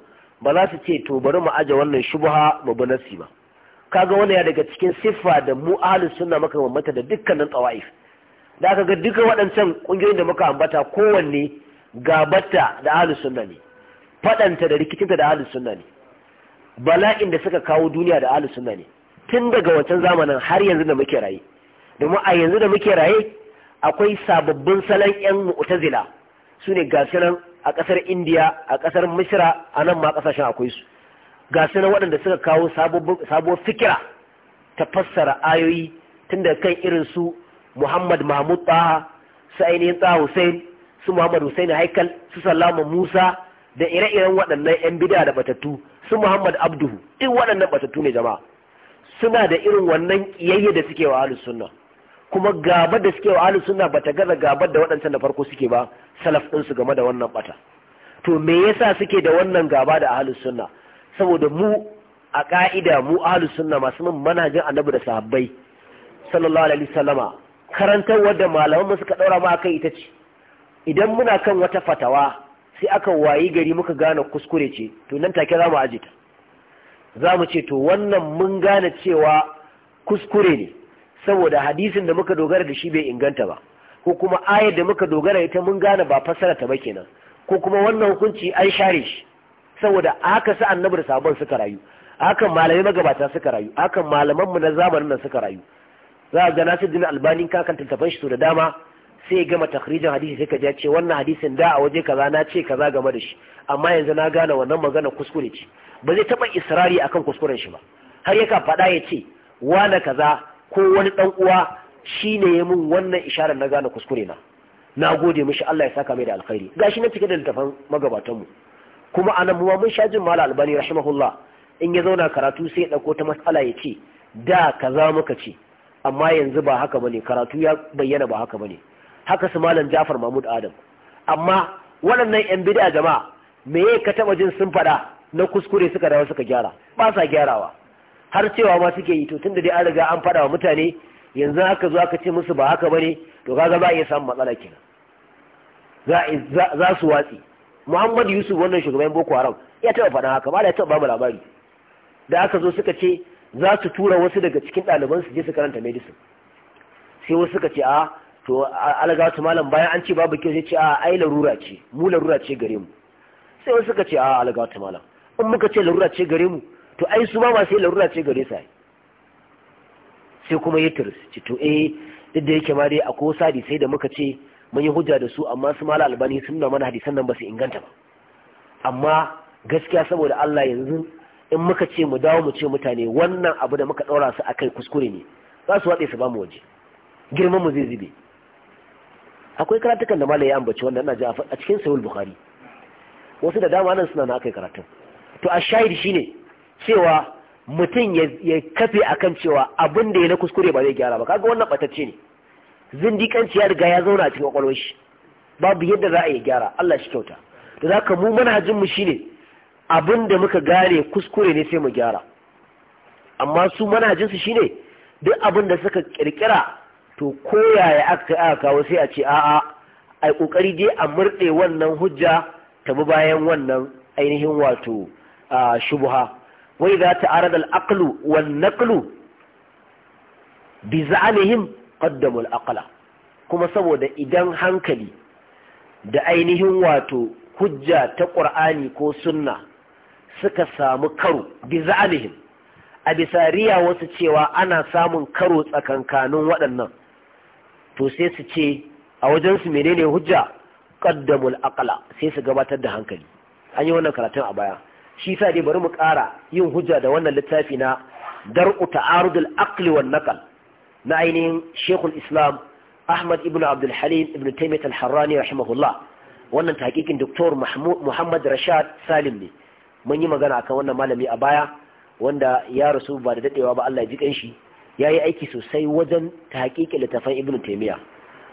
ba za su ce to bari mu aje wannan shubuha mu bu nasi ba kaga wani ya daga cikin siffa da mu suna maka mamata da dukkanin tawaif da aka ga duka waɗancan ƙungiyoyin da muka ambata kowanne gabata da ahlus sunna ne faɗanta da rikicinta da ahlus sunna ne bala'in da suka kawo duniya da ahlus sunna ne tun daga wancan zamanin har yanzu da muke raye domin a yanzu da muke raye akwai sababbin salon yan mu'tazila su ne gasu nan a ƙasar indiya a ƙasar misira a nan ma ƙasashen akwai su gasu nan waɗanda suka kawo sabuwar fikira ta fassara ayoyi tun da kan irin su muhammad mahmud taha su ainihin taha hussein su muhammad hussein haikal su salama musa da ire-iren waɗannan 'yan bida da batattu su muhammad abduhu in waɗannan batattu ne jama'a suna da irin wannan kiyayye da suke wa ahlus sunna kuma gaba da suke wa ahlus sunna bata gaza gaba da waɗancan da farko suke ba salaf ɗinsu su game da wannan bata to me yasa suke da wannan gaba da ahlus sunna saboda mu a ƙa'ida mu ahlus sunna masu mun manhajin annabi da sahabbai sallallahu alaihi wasallama karantarwar da malamanmu suka ɗaura ma kai ita ce idan muna kan wata fatawa sai aka wayi gari muka gane kuskure ce to nan take za mu aje ta za mu ce to wannan mun gane cewa kuskure ne saboda hadisin da muka dogara da shi bai inganta ba ko kuma ayar da muka dogara ita mun gane ba fassara ta ba kenan ko kuma wannan hukunci an share shi saboda haka sa annabi da sabon suka rayu hakan malamai magabata suka rayu hakan malaman na zamanin nan suka rayu za a ga Nasiruddin Albani kakan kan tattafan shi da dama sai ya gama takhrijin hadisi sai ka ji ce wannan hadisin da a waje kaza na ce kaza game da shi amma yanzu na gane wannan magana kuskure ce ba zai taba israri akan kuskuren shi ba har yaka faɗa ya ce wane kaza ko wani ɗan uwa shine ya mun wannan isharar na gane kuskure na na gode mishi Allah ya saka mai da alkhairi gashi na cike da littafan mu kuma anan mu mun sha jin mala albani rahimahullah in ya zauna karatu sai ya dauko ta mas'ala ya ce da kaza muka ce amma yanzu ba haka bane karatu ya bayyana ba haka bane haka su malam Jafar Mahmud Adam amma waɗannan yan bid'a jama'a meye ka taba jin sun fada na kuskure suka dawo suka gyara ba sa gyarawa har cewa ma suke yi to tunda dai an riga an fada wa mutane yanzu aka zo aka ce musu ba haka bane to kaga za a iya samun matsala kenan za su watsi Muhammad Yusuf wannan shugaban Boko Haram ya taba fada haka ba da ya taba ba labari da aka zo suka ce za su tura wasu daga cikin ɗaliban su je su karanta medicine sai wasu suka ce a to alaga su malam bayan an ce babu kyau sai ce a ai larura ce mu larura ce gare mu sai wasu suka ce a alaga su malam in muka ce larura ce gare mu to ai su ma masu larura ce gare su sai kuma ya tirs ce to eh duk da yake ma dai akwai wasu hadisai da muka ce mun yi hujja da su amma su malam albani sun nuna mana hadisan nan ba su inganta ba amma gaskiya saboda Allah yanzu in muka ce mu dawo mu ce mutane wannan abu da muka ɗaura su a kai kuskure ne za su waɗe su ba mu waje girman mu zai zube akwai karatukan da malai ya ambaci wannan ina ji a cikin sayul bukhari wasu da dama nan suna na akai karatun to a shahid shine cewa mutum ya kafe akan cewa abin da ya na kuskure ba zai gyara ba kaga wannan batacce ne zindikanci ya riga ya zauna a cikin kwakwalwar shi babu yadda za a yi gyara Allah shi kyauta to zaka mu manhajin mu shine abin da muka gane kuskure ne sai mu gyara amma su manhajinsu shine duk abin da suka kirkira to koyaya aka aka kawo sai a ce a'a ai kokari dai a murɗe wannan hujja ta bi bayan wannan ainihin wato shubuha wai za ta arada al-aqlu wan bi za'alihim qaddamu akala, kuma saboda idan hankali da ainihin wato hujja ta qur'ani ko sunna suka samu karo bizalihim a bisariya wasu cewa ana samun karo tsakankanin waɗannan to sai su ce a wajensu menene hujja qaddamul aqla sai su gabatar da hankali an yi wannan karatun a baya shi sa dai bari mu ƙara yin hujja da wannan littafi na dar'u ta'arudul aqli wan naqal na ainihin shekul Islam Ahmad ibn Abdul Halim ibn Taymiyyah al-Harrani rahimahullah wannan tahqiqin Dr. Muhammad Rashad Salim ne mun yi magana akan wannan malami a baya wanda ya rasu ba da dadewa ba Allah ya ji kanshi ya yi aiki sosai wajen tahqiqi littafin Ibn Taymiyyah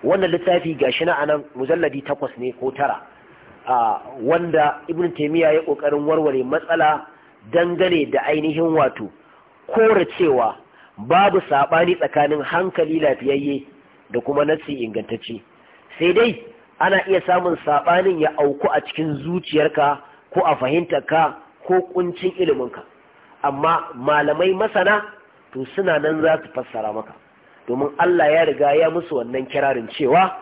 wannan littafi gashi na anan mujalladi takwas ne ko tara a wanda Ibn Taymiyyah ya kokarin warware matsala dangane da ainihin wato kora cewa babu sabani tsakanin hankali lafiyayye da kuma natsi ingantacce sai dai ana iya samun sabanin ya auku a cikin zuciyarka ko a fahimta ka ko kuncin iliminka amma malamai masana to suna nan za su fassara maka domin Allah ya riga ya musu wannan kirarin cewa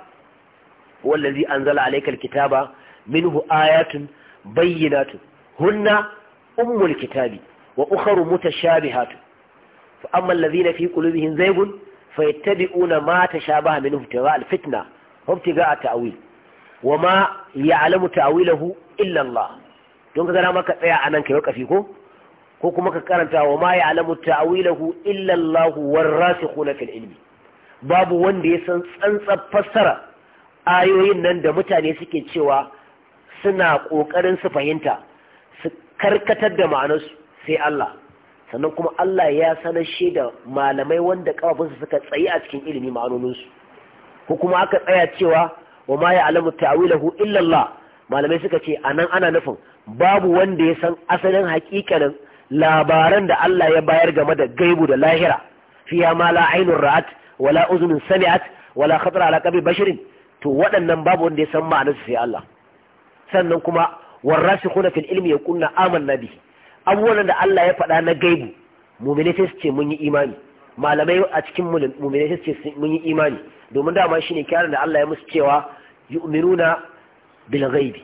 wallazi anzala alaykal kitaba minhu ayatun bayyinatun hunna ummul kitabi wa ukharu mutashabihatun fa amma allazina fi qulubihim zaygun fayattabi'una ma tashabaha minhu ibtigha alfitna wa a ta'wil wa ma ya'lamu ta'wilahu illa Allah don ka zana maka tsaya a nan kai wakafi ko ko kuma ka karanta wa ma ya'lamu ta'wilahu illa Allahu warasikhuna fil ilmi babu wanda ya san tsantsar fassara ayoyin nan da mutane suke cewa suna kokarin su fahimta su karkatar da ma'anarsu sai Allah sannan kuma Allah ya sanar shi da malamai wanda su suka tsayi a cikin ilimi su ko kuma aka tsaya cewa wa ma ya'lamu ta'wilahu illa Allah malamai suka ce anan ana nufin babu wanda ya san asalin hakikanin labaran da Allah ya bayar game da gaibu da lahira fiya ma la ra'at wala uzunin sami'at wala khatar ala qabi bashirin to waɗannan babu wanda ya san su sai Allah sannan kuma warasikhuna fil ilmi yaqulna amanna bihi abubuwan da Allah ya faɗa na gaibu mu'mini sai su ce mun yi imani malamai a cikin mu'mini sai su ce mun yi imani domin dama shine kyaran da Allah ya musu cewa yu'minuna bil ghaibi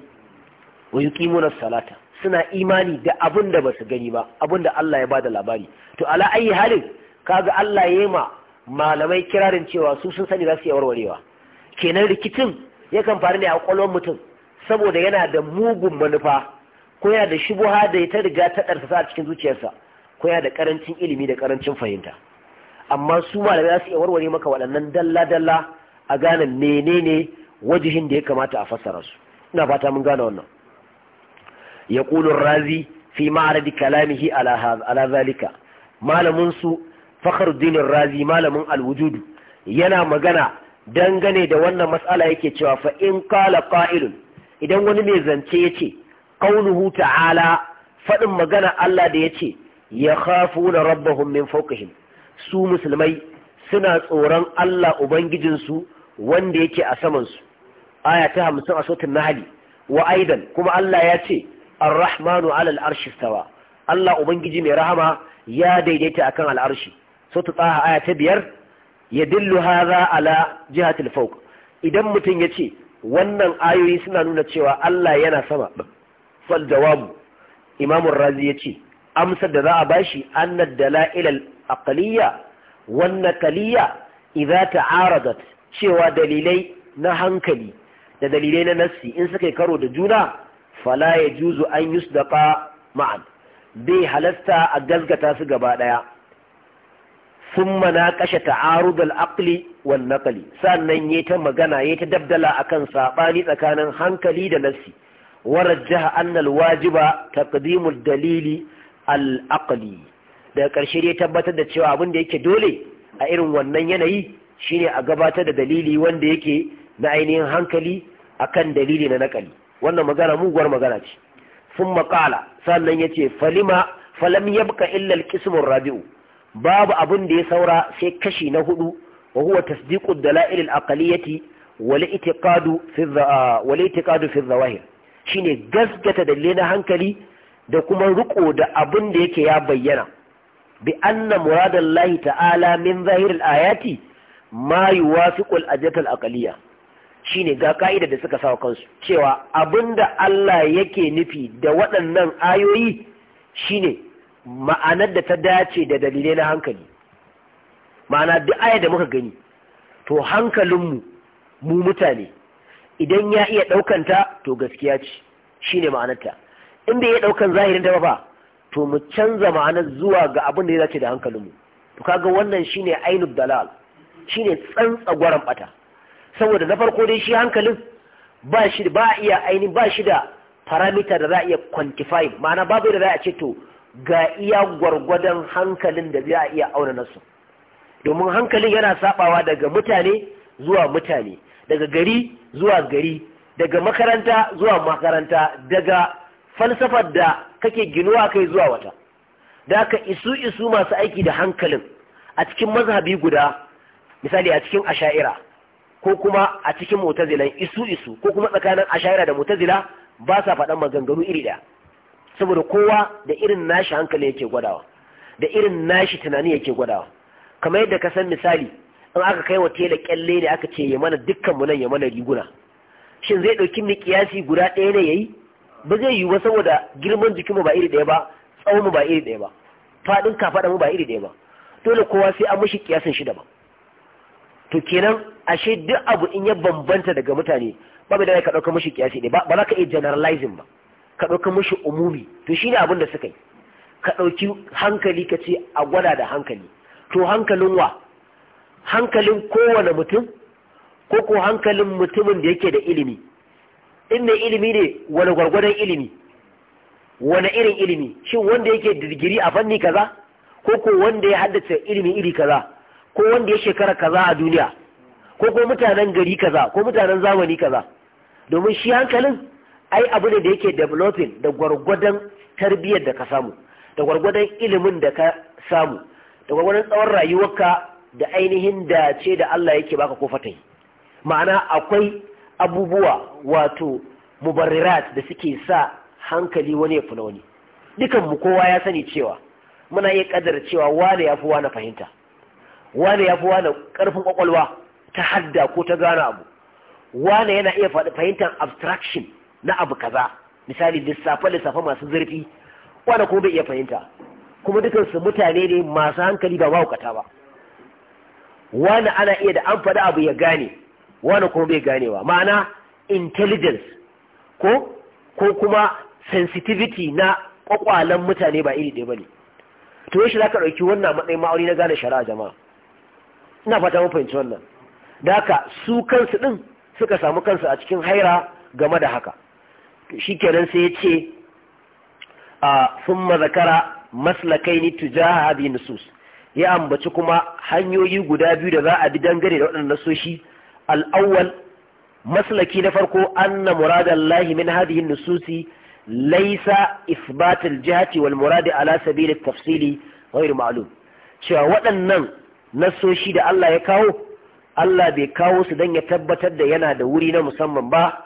wa yuqimuna salata suna imani da abin da basu gani ba abin da Allah ya bada labari to ala ayi halin kaga Allah ya ma malamai kirarin cewa su sun sani za su iya warwarewa kenan rikicin yakan faru ne a kwalwar mutum saboda yana da mugun manufa ko yana da shubuha da ta riga ta ɗarsasa a cikin zuciyarsa ko yana da karancin ilimi da karancin fahimta amma su malamai za su iya warware maka waɗannan dalla-dalla a gane menene wajihin da ya kamata a fassara su ina fata mun gane wannan يقول الرازي في معرض كلامه على هذا على ذلك malamin su Fakhruddin Razi malamin al yana magana dangane da wannan matsala yake cewa fa in qala qa'il idan wani mai zance yace qauluhu ta'ala fadin magana Allah da yace yakhafuna rabbahum min fawqihim su musulmai suna tsoron Allah ubangijin su wanda yake a saman su aya ta 50 a sautin nahali wa aidan kuma Allah ya ce ar-rahmanu alal al-arshi istawa Allah ubangiji mai rahama ya daidaita akan al-arshi sura taha ta biyar yadillu hadha ala jihatil fawq idan mutum ya ce wannan ayoyi suna nuna cewa Allah yana sama fal jawabu imam ya ce amsar da za a bashi anna dalail al-aqliyya wan naqliyya idza ta'aradat cewa dalilai na hankali da dalilai na nassi in suka yi karo da juna fala ya juzu an yusdaqa ma'an bai halasta a gazgata su gaba daya thumma naqasha ta'arud al-aqli wan naqli sannan yayi ta magana ya ta dabdala akan saɓani tsakanin hankali da nafsi warajjaha anna al-wajiba taqdimu ad-dalili al-aqli da karshe ya tabbatar da cewa abin da yake dole a irin wannan yanayi shine a gabatar da dalili wanda yake na ainihin hankali akan dalili na nakali wannan magana muguwar magana ce sun maƙala sannan ya ce falima falam yabka illa alqismur rabi'u babu abin da ya saura sai kashi na hudu wa huwa tasdiqu dalail alaqaliyati wal i'tiqadu fi wal fi zawahir shine gaskata dalle na hankali da kuma riko da abin da yake ya bayyana bi anna muradallahi ta'ala min zahiril ayati ma yuwafiqu al-ajata shine ga ka'idar da suka sawa kansu cewa abinda Allah yake nufi da waɗannan ayoyi shine ma'anar da ta dace da dalilai na hankali ma'ana duk aya da muka gani to hankalinmu mu mutane idan ya iya ɗaukanta to gaskiya ce shine ma'anarta in bai iya ɗaukan zahirin ta ba to mu canza ma'anar zuwa ga abin da ya dace da hankalinmu to kaga wannan shine ainu dalal shine tsantsa gwaran ɓata. saboda na farko dai shi hankalin ba shi ba iya ainihin ba shi da parameter da za a iya quantify ma'ana babu da za a ce to ga iya gwargwadon hankalin da za a iya auna nasu domin hankalin yana sabawa daga mutane zuwa mutane daga gari zuwa gari daga makaranta zuwa makaranta daga falsafar da kake ginuwa kai zuwa wata da ka isu isu masu aiki da hankalin a cikin mazhabi guda misali a cikin asha'ira ko kuma a cikin mutazilan isu isu ko kuma tsakanin ashaira da mutazila ba sa faɗan maganganu iri ɗaya saboda kowa da irin nashi hankali yake gwadawa da irin nashi tunani yake gwadawa kamar yadda ka san misali in aka kai wa tela kyalle ne aka ce ya mana dukkan mu nan ya mana riguna shin zai ɗauki ni kiyasi guda ɗaya ne yayi ba zai yiwu ba saboda girman jikin mu ba iri ɗaya ba tsawon mu ba iri ɗaya ba faɗin kafaɗa mu ba iri ɗaya ba dole kowa sai an mishi kiyasin shi daban to kenan ashe duk abu in ya bambanta daga mutane Ba mai da ka ɗauka mushi kiyasi ne ba za ka iya generalizing ba ka ɗauka mushi umumi to shine abin da suka yi ka ɗauki hankali ka ce a gwada da hankali to hankalin wa hankalin kowane mutum ko ko hankalin mutumin da yake da ilimi in mai ilimi ne wani gwargwadon ilimi wani irin ilimi shin wanda yake digiri a fanni kaza ko ko wanda ya haddace ilimi iri kaza ko wanda ya shekara kaza a duniya ko ko mutanen gari kaza ko mutanen zamani kaza domin shi hankalin ai abu ne da yake developing da gwargwadon tarbiyyar da ka samu da gwargwadon ilimin da ka samu da gwargwadon tsawon rayuwarka da ainihin da ce da Allah yake baka ko fatai ma'ana akwai abubuwa wato mubarrirat da suke sa hankali wani ya fi na wani dukan mu kowa ya sani cewa muna iya kadar cewa wane ya fi wani fahimta wane ya fi wane ƙarfin ƙwaƙwalwa ta hadda ko ta gane abu wane yana iya fahimtar abstraction na abu kaza misali lissafe-lissafe masu zurfi wane kuma bai iya fahimta kuma dukansu mutane ne masu hankali ba mahaukata ba wane ana iya da an faɗi abu ya gane wane kuma bai ganewa ma'ana intelligence ko ko kuma sensitivity na ƙwaƙwalen mutane ba iri ɗaya ba ne to yaushe za ka ɗauki wannan matsayin ma'auni na gane shari'a jama'a ina fata mun fahimci wannan da haka su kansu din suka samu kansu a cikin haira game da haka shikenan sai ya ce a summa zakara ni tujaha abi nusus ya ambaci kuma hanyoyi guda biyu da za a bi dangane da waɗannan nasoshi al'awwal maslaki na farko anna muradallahi min hadhihi nususi laisa isbatul jihati wal muradi ala sabili tafsili ghairu ma'lum cewa waɗannan nassoshi da Allah ya kawo Allah bai kawo su don ya tabbatar da yana da wuri na musamman ba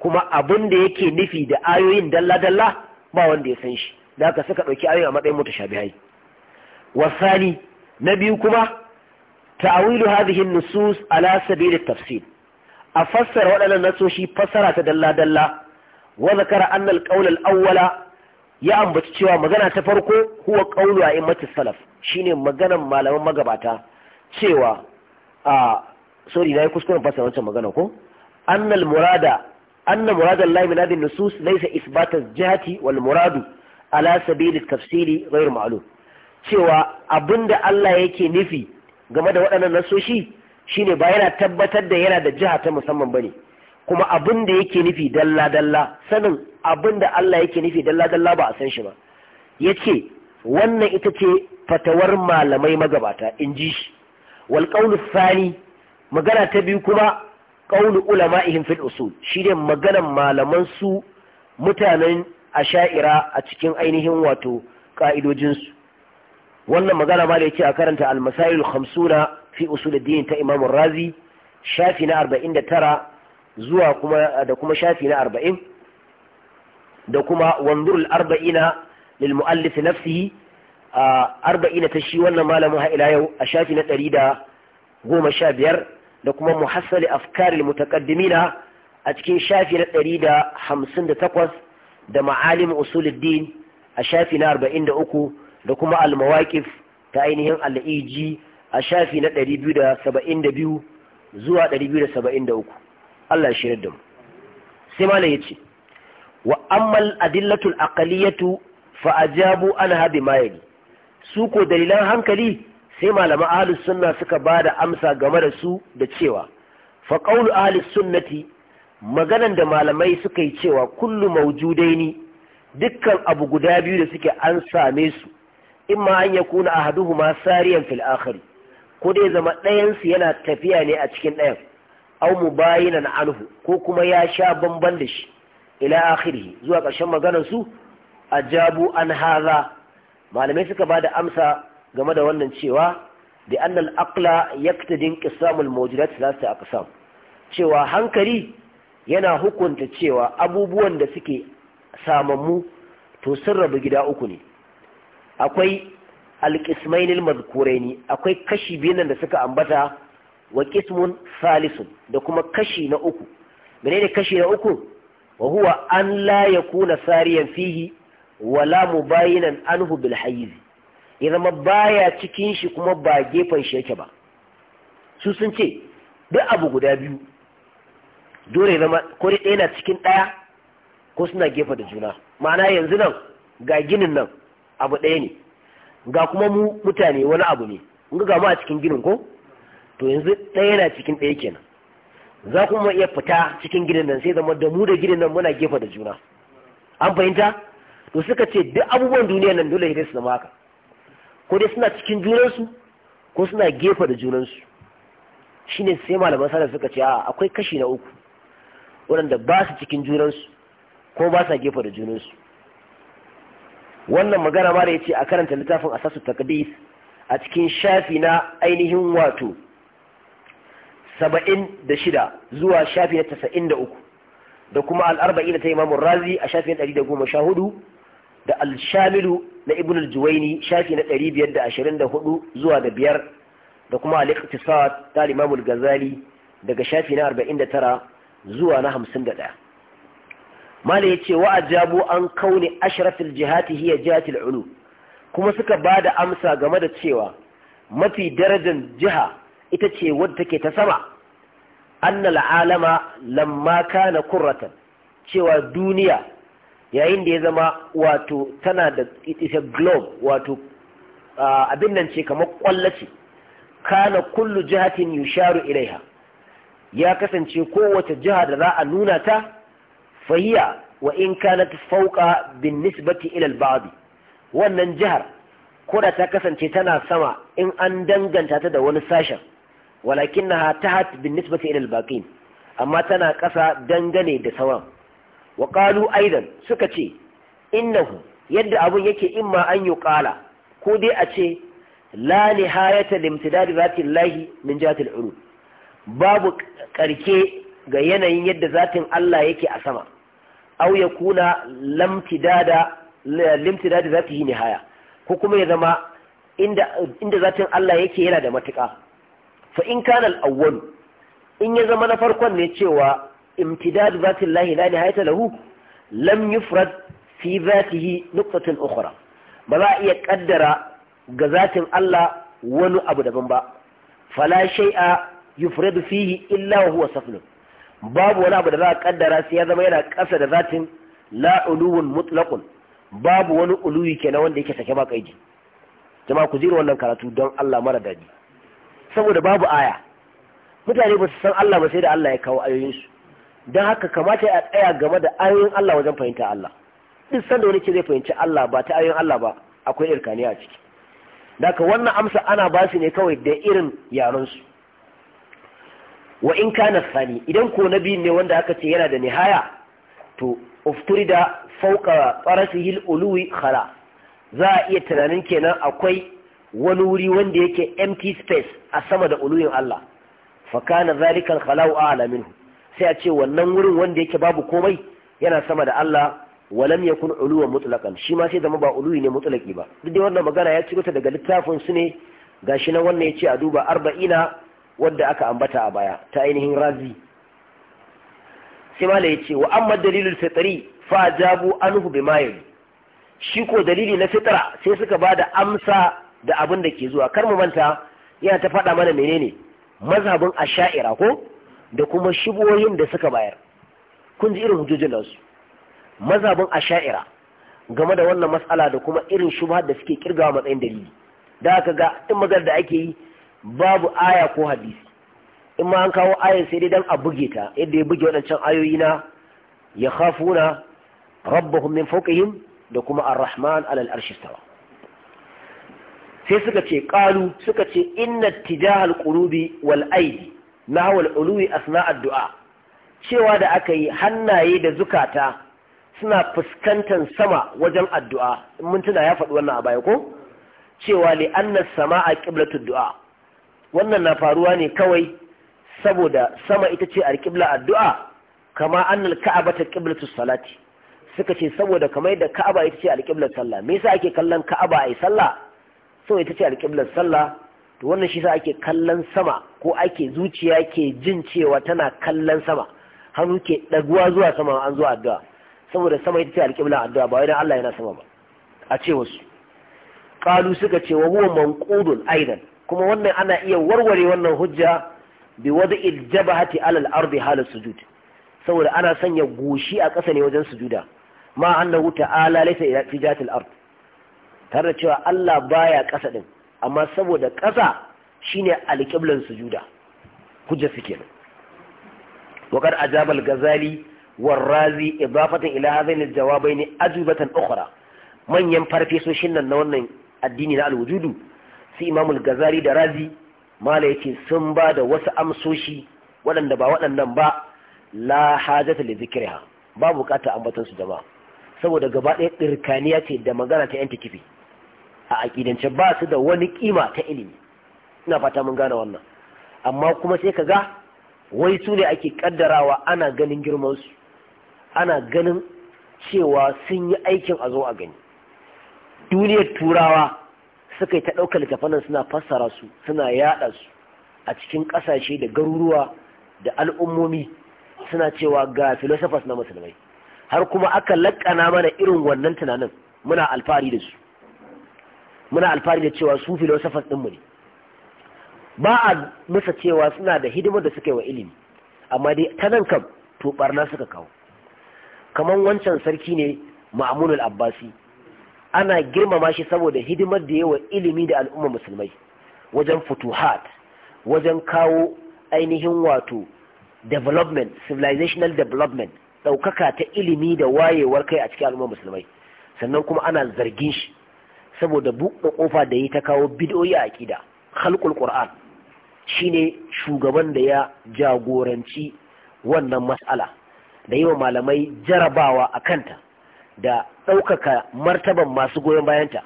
kuma abin da yake nufi da ayoyin dalla-dalla ba wanda ya san shi da aka suka ɗauki ayoyin a matsayin mutashabihai wasani na biyu kuma ta'awilu hadihin nusus ala sabil tafsir a fassara waɗannan nasoshi fassara ta dalla-dalla wa zakara annal al-qawl al-awwala ya ambaci cewa magana ta farko huwa a imati salaf shine maganan malaman magabata cewa a sorry na yi kuskuren fasa wancan magana ko annal murada
anna murada Allah
min hadhihi nusus laysa isbatar jihati wal muradu ala sabili tafsiri ghayr ma'lum cewa abinda Allah yake nufi game da waɗannan nasoshi shine ba yana tabbatar da yana da jiha ta musamman bane kuma abinda yake nufi dalla dalla sanin abin da Allah yake nufi dalla dalla ba a san shi ba yace wannan ita ce fatawar malamai magabata in ji shi wal qawlu thani magana ta biyu kuma ulama ulama'ihim fil usul shi ne maganan malaman su mutanen asha'ira a cikin ainihin wato ƙa'idojinsu. wannan magana ma da yake a karanta al-masail fi usul ta Imam Razi shafi na 49 zuwa kuma da kuma shafi na arba'in. da kuma wanzurul arba'ina lil muallif nafsihi arba'ina ta shi wannan malamin ha ila yau a shafi na ɗari da goma sha biyar da kuma muhassali mutaqaddimina a cikin shafi na ɗari da hamsin da takwas da ma'alim usuluddin a shafi na arba'in da uku da kuma ta ainihin al'iji a shafi na ɗari biyu da saba'in da biyu zuwa ɗari biyu da saba'in da uku Allah da mu sai malam ya ce wa ammal adillatul aqaliyatu fa ajabu anha bima yali su ko dalilan hankali sai malama ahlus sunna suka ba da amsa game da su da cewa fa qawlu ahlus sunnati maganan da malamai suka yi cewa kullum kullu ni, dukkan abu guda biyu da suke an same su In imma an yakuna ahaduhuma sariyan fil akhari ko dai zama ɗayan yana tafiya ne a cikin ɗayan aw mubayinan anhu ko kuma ya sha bamban da shi ila akhiri zuwa ƙarshen maganar su ajabu an haza malamai suka ba da amsa game da wannan cewa bi annal aqla yaktadin qisamul mawjudat thalatha aqsam cewa hankali yana hukunta cewa abubuwan da suke samammu to sun rabu gida uku ne akwai alqismainil mazkuraini akwai kashi biyan da suka ambata wa qismun salisun da kuma kashi na uku menene kashi na uku wa huwa an la yakuna sariyan fihi wala mubayinan anhu bil hayz ya zama baya cikin shi kuma ba gefen shi yake ba su sun ce duk abu guda biyu dole ya zama ko dai yana cikin ɗaya ko suna gefe da juna ma'ana yanzu nan ga ginin nan abu ɗaya ne ga kuma mu mutane wani abu ne in ga mu a cikin ginin ko to yanzu ɗaya yana cikin ɗaya kenan za kuma iya fita cikin gidan nan sai zama da mu da gidan nan muna gefa da juna an fahimta to suka ce duk abubuwan duniya nan dole sai su zama haka ko dai suna cikin junansu ko suna gefa da junansu shine sai malaman sana suka ce a akwai kashi na uku waɗanda ba su cikin junansu ko ba sa gefa da junansu wannan magana ma da ya ce a karanta littafin asasu takdis a cikin shafi na ainihin wato saba'in da shida zuwa shafi na tasa'in da uku da kuma al'arba'i da ta imamun razi a shafi na ɗari da goma sha hudu da alshamilu na ibn al-juwaini shafi na ɗari biyar da ashirin da hudu zuwa da biyar da kuma al-iqtisad ta imamul gazali daga shafi na arba'in da tara zuwa na hamsin da ɗaya mala ya ce wa ajabu an kauni ashrafil jihati hiya jihatil ulu kuma suka ba da amsa game da cewa mafi darajar jiha ita ce wadda take ta sama annal alama lamma kana kurratan cewa duniya yayin da ya zama wato tana da ita globe wato abin nan ce kamar kwallo ce kana kullu jihatin yusharu ilaiha ya kasance kowace jiha da za a nuna ta fahiya wa in kanat fauqa bin nisbati ila al wannan jihar koda ta kasance tana sama in an danganta ta da wani sashen walakinna ha ta hat bin nisba ta ilal baqin amma tana ƙasa dangane da sawan wa qalu aidan suka ce innahu yadda abun yake imma an yi qala ko dai a ce la nihayata limtidadi zatillahi min jatil urub babu karke ga yanayin yadda zatin Allah yake a sama aw yakuna limtidada limtidadi zatihi nihaya ko kuma ya zama inda inda zatin Allah yake yana da matuƙa fa in kana al in ya zama na farkon ne cewa imtidad zatillahi la nihayata lahu lam yufrad fi zatihi nuqtatun ukhra ba za a iya kaddara ga zatin Allah wani abu daban ba fala shay'a yufradu fihi illa huwa saflun babu wani abu da za a kaddara sai ya zama yana kasa da zatin la uluwun mutlaqun babu wani uluwi kenan wanda yake sake ba kaidi jama'a ku zira wannan karatu don Allah mara daɗi saboda babu aya mutane ba su san Allah ba sai da Allah ya kawo ayoyinsu don haka kamata ya tsaya game da ayoyin Allah wajen fahimta Allah duk sanda wani ke zai fahimci Allah ba ta ayoyin Allah ba akwai irkani a ciki daga wannan amsa ana ba su ne kawai da irin yarensu wa in kana sani idan ko na biyu ne wanda aka ce yana da nihaya to ufturida fauka farasihil uluwi khala za a iya tunanin kenan akwai wani wuri wanda yake empty space a sama da uluyin Allah fa kana zalika al-khala'u a'la minhu sai a ce wannan wurin wanda yake babu komai yana sama da Allah walam yakun uluwa mutlaqan shi ma sai zama ba uluyi ne mutlaqi ba duk da wannan magana ya ciro ta daga littafin su ne gashi na wannan yace a duba arba'ina wadda aka ambata a baya ta ainihin razi sai malai yace wa amma dalilul fitri fa jabu anhu bima yali shi ko dalili na fitra sai suka ba da amsa da abin da ke zuwa kar mu manta yana ta faɗa mana menene mazhabin asha'ira ko da kuma shiboyin da suka bayar kun ji irin hujjojin su mazhabin asha'ira game da wannan matsala da kuma irin shubhar da suke kirgawa matsayin dalili da aka ga in magar da ake yi babu aya ko hadisi in ma an kawo ayar sai dai dan a buge ta yadda ya buge waɗancan ayoyi na ya khafuna rabbahum min fawqihim da kuma ar-rahman alal arshi stawa sai suka ce ƙalu suka ce inna tijahal qulubi wal aidi na al ului asna addu'a cewa da aka yi hannaye da zukata suna fuskantar sama wajen addu'a mun tuna ya faɗi wannan a baya ko cewa li anna a qiblatu du'a wannan na faruwa ne kawai saboda sama ita ce ƙibla addu'a kama annal ka'aba ta qiblatu salati suka ce saboda kamar da ka'aba ita ce alƙiblar sallah me yasa ake kallon ka'aba yi sallah so ita ce alƙiblar sallah to wannan shi sa ake kallon sama ko ake zuciya ke jin cewa tana kallon sama hannu ke ɗaguwa zuwa sama an zuwa addu'a saboda sama ita ce alƙiblar addu'a ba wai Allah yana sama ba a ce wasu qalu suka ce wa huwa manqudun aidan kuma wannan ana iya warware wannan hujja bi wada'il jabahati alal ardi hala sujud saboda ana sanya goshi a ƙasa ne wajen sujuda ma annahu ta'ala laysa ila tijatil ard tare cewa Allah baya ƙasa din amma saboda ƙasa shine alƙiblan sujuda hujja suke nan wakar ajabar gazali war ibafatan idafatan ila jawabai ne ajubatan ukhra manyan farfesoshin nan na wannan addini na alwujudu su imamul gazali da razi mala sun ba da wasu amsoshi waɗanda ba waɗannan ba la hajata li zikriha ba bukata ambatansu jama'a saboda gaba ɗaya ɗirkaniya ce da magana ta yanta kifi a aƙidance ba su da wani kima ta ilimi ina fata mun gane wannan amma kuma sai ka ga wai su ne ake ƙaddarawa ana ganin girmansu ana ganin cewa sun yi aikin a zo a gani duniyar turawa suka yi ta ɗaukar littafanan suna fassara su suna yaɗa su a cikin ƙasashe da garuruwa da al'ummomi suna cewa ga filosofas na musulmai har kuma aka laƙana mana irin wannan tunanin muna alfahari da su muna alfahari da cewa Sufi su fasɗin mu ne ba a musa cewa suna da hidimar da suka yi wa ilimi amma dai ta nan kam to barna suka kawo kamar wancan sarki ne ma'amunul abbasi ana girmama shi saboda hidimar da yawa ilimi da al'ummar musulmai wajen futuhat wajen kawo ainihin wato development civilizational development ɗaukaka ta ilimi da wayewar kai a cikin al'ummar musulmai sannan kuma ana zargin shi saboda buɗe ƙofa da ya ta kawo bidoyi a aƙida Ƙur'an shi ne shugaban da ya jagoranci wannan matsala da yi wa malamai jarabawa a kanta da ɗaukaka martaban masu goyon bayanta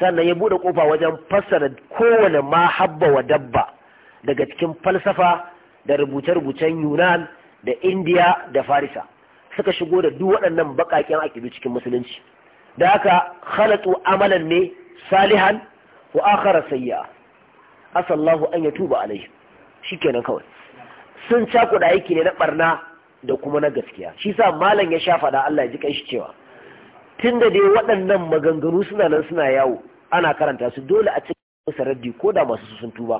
sannan ya buɗe ƙofa wajen fassara kowane mahabba wa dabba daga cikin falsafa da rubuce-rubucen yunan da indiya da farisa suka shigo da duk waɗannan baƙaƙen aƙidu cikin musulunci da aka khalatu amalan ne salihan wa akhara sayya asallahu an yatuba alaihi shikenan kawai sun cakuda aiki ne na barna da kuma na gaskiya shi sa malam ya sha faɗa Allah ya ji kanshi cewa tunda dai waɗannan maganganu suna nan suna yawo ana karanta su dole a cikin musu raddi ko da masu sun tuba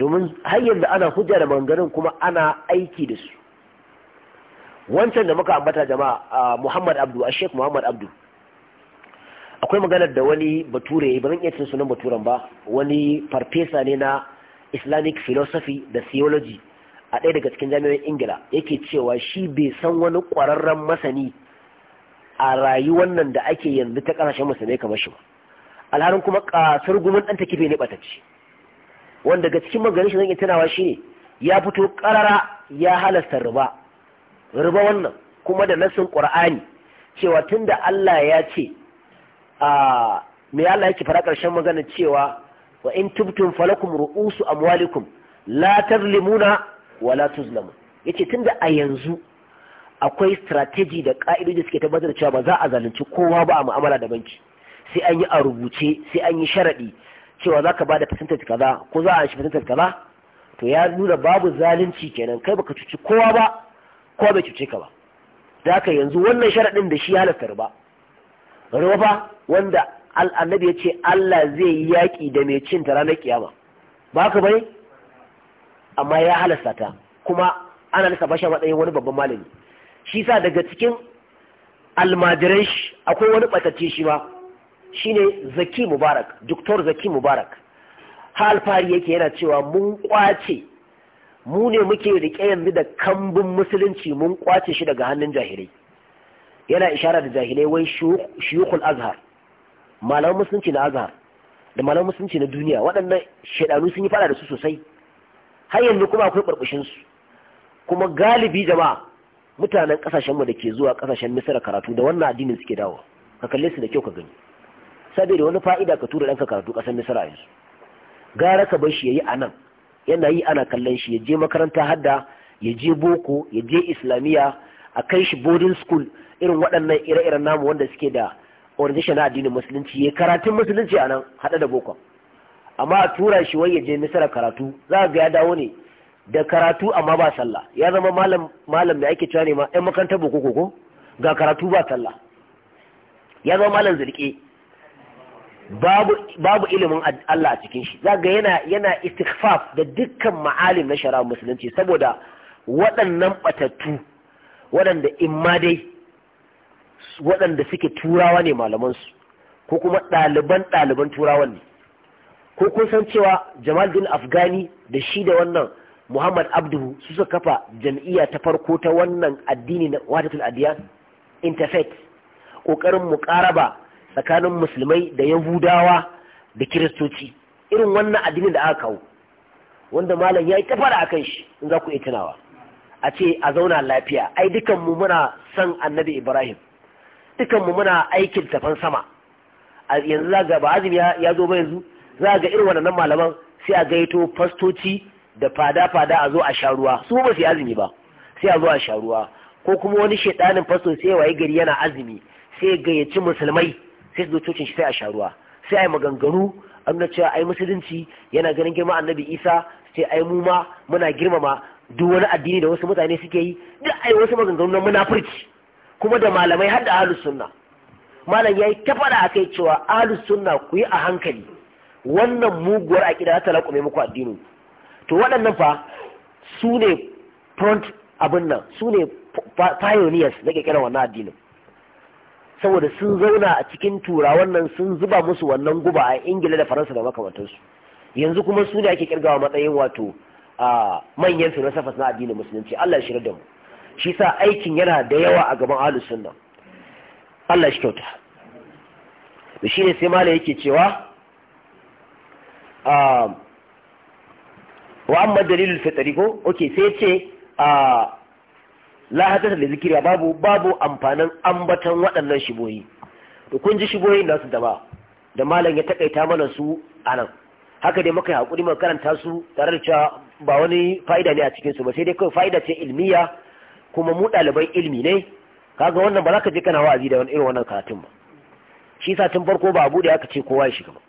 domin har yanzu ana hujja da maganganun kuma ana aiki da su wancan da muka ambata jama'a Muhammad Abdu Sheikh Muhammad Abdu akwai maganar da wani bature ya zan iya cin sunan baturen ba wani farfesa ne na islamic philosophy da theology a ɗaya daga cikin jami'an ingila yake cewa shi bai san wani ƙwararren masani a rayuwar nan da ake yanzu ta ƙasashen musulmai kamar shi ba alharin kuma ƙasar gumin ɗan ta kife ne ɓatacce wanda daga cikin maganin shi zan iya tunawa shi ne ya fito ƙarara ya halasta riba riba wannan kuma da nasin ƙur'ani cewa tunda Allah ya ce a me Allah yake fara ƙarshen magana cewa wa in tubtum falakum ru'usu amwalikum la tazlimuna wa la tuzlamu yace tunda a yanzu akwai strategy da ka'idoji suke tabbatar da cewa ba za a zalunci kowa ba a mu'amala da banki sai an yi a rubuce sai an yi sharadi cewa za ka ba percentage kaza ko za a shi percentage kaza to ya nuna babu zalunci kenan kai baka cuci kowa ba kowa bai cuce ka ba da haka yanzu wannan sharadin da shi ya ba rufa wanda annabi ya ce Allah zai yi yaƙi da mai cinta ta ranar kiyama ba ka bai amma ya halasta ta kuma ana lissafa shi a matsayin wani babban malami shi sa daga cikin
almajiran
shi akwai wani ɓatacce shi ba Shi shine zaki mubarak doktor zaki mubarak Fari yake yana cewa mun kwace mu ne muke rike yanzu da kambun musulunci mun kwace shi daga hannun jahilai yana ishara da jahilai wai shiukul azhar malaman musulunci na azhar da malaman musulunci na duniya waɗannan shaidanu sun yi fada da su sosai har yanzu kuma akwai barbashin su kuma galibi jama'a mutanen kasashen mu da ke zuwa kasashen misira karatu da wannan addinin suke dawo ka kalle su da kyau ka gani saboda wani fa'ida ka tura ɗanka karatu ƙasar misira yanzu gara ka bar shi ya yi anan yana yi ana kallon shi ya je makaranta hadda ya je boko ya je islamiyya a kai shi boarding school irin waɗannan ire-iren namu wanda suke da organization na addinin musulunci ya karatun musulunci a nan haɗa da boko amma a tura shi wai ya je misira karatu za ga ya dawo ne da karatu amma ba sallah ya zama malam malam da ake cewa ne ma ɗan makarantar boko koko ga karatu ba sallah ya zama malam zirke babu babu ilimin Allah a cikin shi zaga yana yana istighfaf da dukkan ma'alim na shara'a musulunci saboda waɗannan batattu waɗanda in ma dai waɗanda suke turawa ne malamansu ko kuma ɗaliban ɗaliban turawan ne ko kun san cewa jamal bin afghani da shi da wannan muhammad abduhu su suka kafa jam'iyya ta farko ta wannan addini na wadatul adiyan interfaith ƙoƙarin muƙaraba tsakanin musulmai da yahudawa da kiristoci irin wannan addinin da aka kawo wanda malam ya yi kafara a kan shi in za ku iya tunawa a ce a zauna lafiya ai dukanmu muna san annabi ibrahim dukanmu muna aikin tafan sama yanzu za ga ba ya zo ba yanzu za ga irin waɗannan malaman sai a gaito fastoci da fada-fada a zo a sha su ba su azumi ba sai a zo a sha ko kuma wani shaidanin fasto sai waye gari yana azumi sai ya gayyaci musulmai sai su zo cocin shi sai a sha ruwa sai a yi maganganu an cewa ai musulunci yana ganin girma annabi isa sai ai mu ma muna girmama duk wani addini da wasu mutane suke yi a yi wasu maganganu na munafurci kuma da malamai har da ahlus sunna malam yi ta fada akai cewa ahlus sunna ku yi a hankali wannan muguwar akida ta laƙume muku addini to waɗannan fa su ne front abin nan su ne pioneers na ƙirƙirar wannan addinin saboda sun zauna a cikin tura wannan, sun zuba musu wannan guba a ingila da faransa da makamantansu yanzu kuma su ne ake kirgawa matsayin wato a manyan philosophers na addinin musulunci Allah ya da mu shi sa aikin yana da yawa a gaban ahlus sunna Allah shi kyauta da ne sai mala yake cewa wa amma dalilul fitri ko okay sai ce a la da zikiri babu babu amfanin ambatan waɗannan shiboyi to kun ji shiboyin nasu da ba da malam ya takaita mana su a nan. haka dai muka yi hakuri ma karanta su tare da cewa ba wani fa'ida ne a cikinsu ba sai dai kawai fa'ida ce ilmiya kuma mu ɗalibai ilmi ne kaga wannan ba za ka je kana wa'azi da irin wannan karatun ba shi sa tun farko ba abu da aka ce kowa ya shiga ba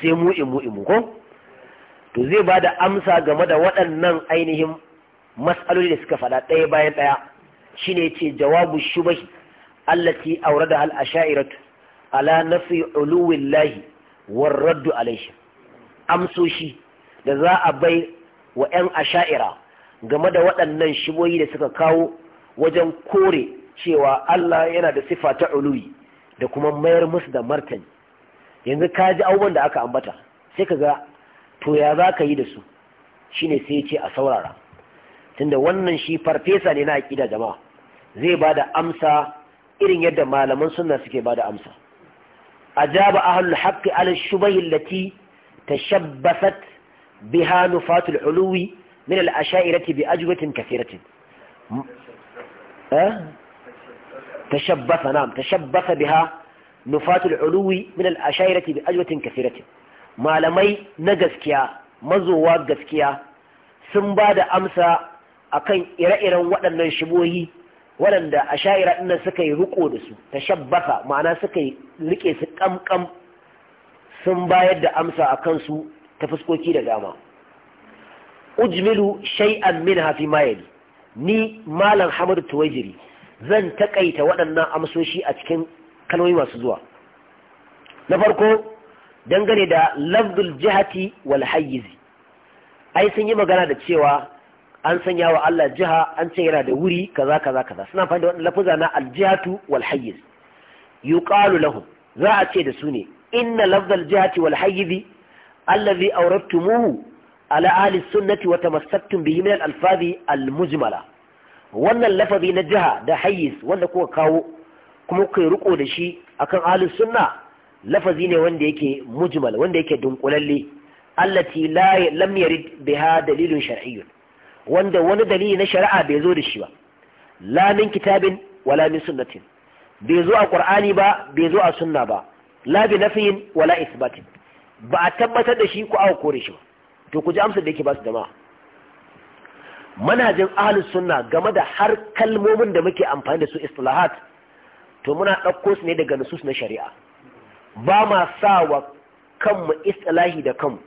sai mu imu mu ko to zai ba da amsa game da waɗannan ainihin mas'aloli da suka faɗa ɗaya bayan ɗaya shine ce jawabu shubahi allati aurada al asha'iratu ala nafi uluwillahi war raddu alaihi amsoshi da za a bai wa 'yan asha'ira game da waɗannan shigoyi da suka kawo wajen kore cewa Allah yana da sifa ta uluyi da kuma mayar musu da martani yanzu ka ji abubuwan da aka ambata sai ka ga to ya za ka yi da su shine sai ce a saurara tunda wannan shi farfesa ne na aƙida jama'a zai ba da amsa irin yadda malaman suna suke ba da amsa a ajaba ahlul haƙƙi ala shubahi allati tashabbasat biha nufatul uluwi min al-ashairati bi ajwatin kathiratin tashabbasa na'am tashabbasa biha nufatul uluwi min al-ashairati bi ajwatin kathiratin malamai na gaskiya mazowa gaskiya sun ba da amsa akan ire-iren waɗannan shibohi waɗanda a sha'ira ɗinnan suka yi riko da su ta ma'ana suka yi su ƙamƙam sun bayar da amsa a kansu ta fuskoki da dama ujmilu shay'an min hafi ma ni malam hamadu tuwajiri zan takaita waɗannan amsoshi a cikin kalmomi masu zuwa na farko dangane da lafdul jihati wal hayyizi ai sun yi magana da cewa an sanya wa Allah jiha an ce yana da wuri kaza kaza kaza suna fahimta waɗanda lafuza na aljihatu wal hayyiz yuqalu lahum za a ce da su ne inna lafdal jihati wal hayyizi Allah auratumuhu aurartu muhu sunnati wa tamassaktum bihi min al-alfazi al-mujmala wannan lafazi na jiha da hayyiz wanda kuka kawo kuma kuka riko da shi akan ahli sunna lafazi ne wanda yake mujmal wanda yake dunkulalle allati la lam dalilin biha wanda wani dalili na shari'a bai zo da shi ba la kitabin wala min sunnatin bai zo a ƙur'ani ba bai zo a sunna ba la bi nafiyin wala isbatin ba a tabbatar da shi ko aka kore shi ba to ku ji amsa da yake ba su jama'a manhajin ahlus sunna game da har kalmomin da muke amfani da su istilahat to muna ɗauko su ne daga nusus na shari'a ba ma sa wa kanmu istilahi da kanmu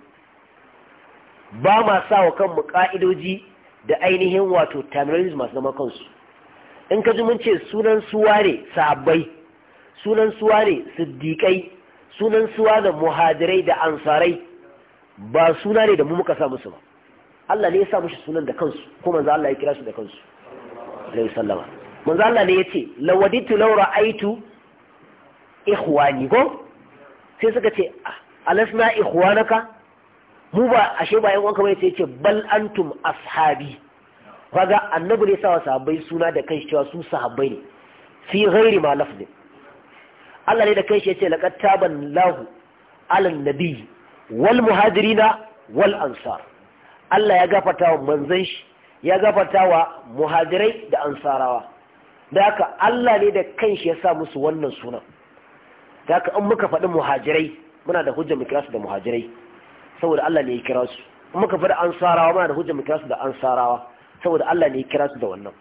ba ma sa wa kanmu ka'idoji da ainihin wato terminologies masu zama kansu in ka ji mun ce sunan suware ne sahabbai sunan suwa ne siddiƙai sunan suwa da muhajirai da ansarai ba suna ne da mu muka sa musu ba Allah ne ya sa mushi sunan da kansu ko manzo Allah ya kira su da kansu alaihi sallama manzo Allah ne yace lawaditu law ra'aitu ikhwani ko sai suka ce ah, alasna ikhwanaka mu ba ashe ba yan ba yace bal antum ashabi kaga annabi ne sa sahabbai suna da kansu cewa su sahabbai ne fi ghairi ma lafzin Allah ne da kai shi ce laƙar taban lahu alin nabi wal muhajirina wal ansar Allah ya gafarta wa manzan shi ya gafarta wa muhajirai da ansarawa da haka Allah ne da kanshi ya sa musu wannan sunan da haka in muka faɗi muhajirai muna da hujjar mu kira su da muhajirai saboda Allah ne ya kira su in muka faɗi ansarawa muna da hujjar mu kira su da ansarawa saboda Allah ne ya kira su da wannan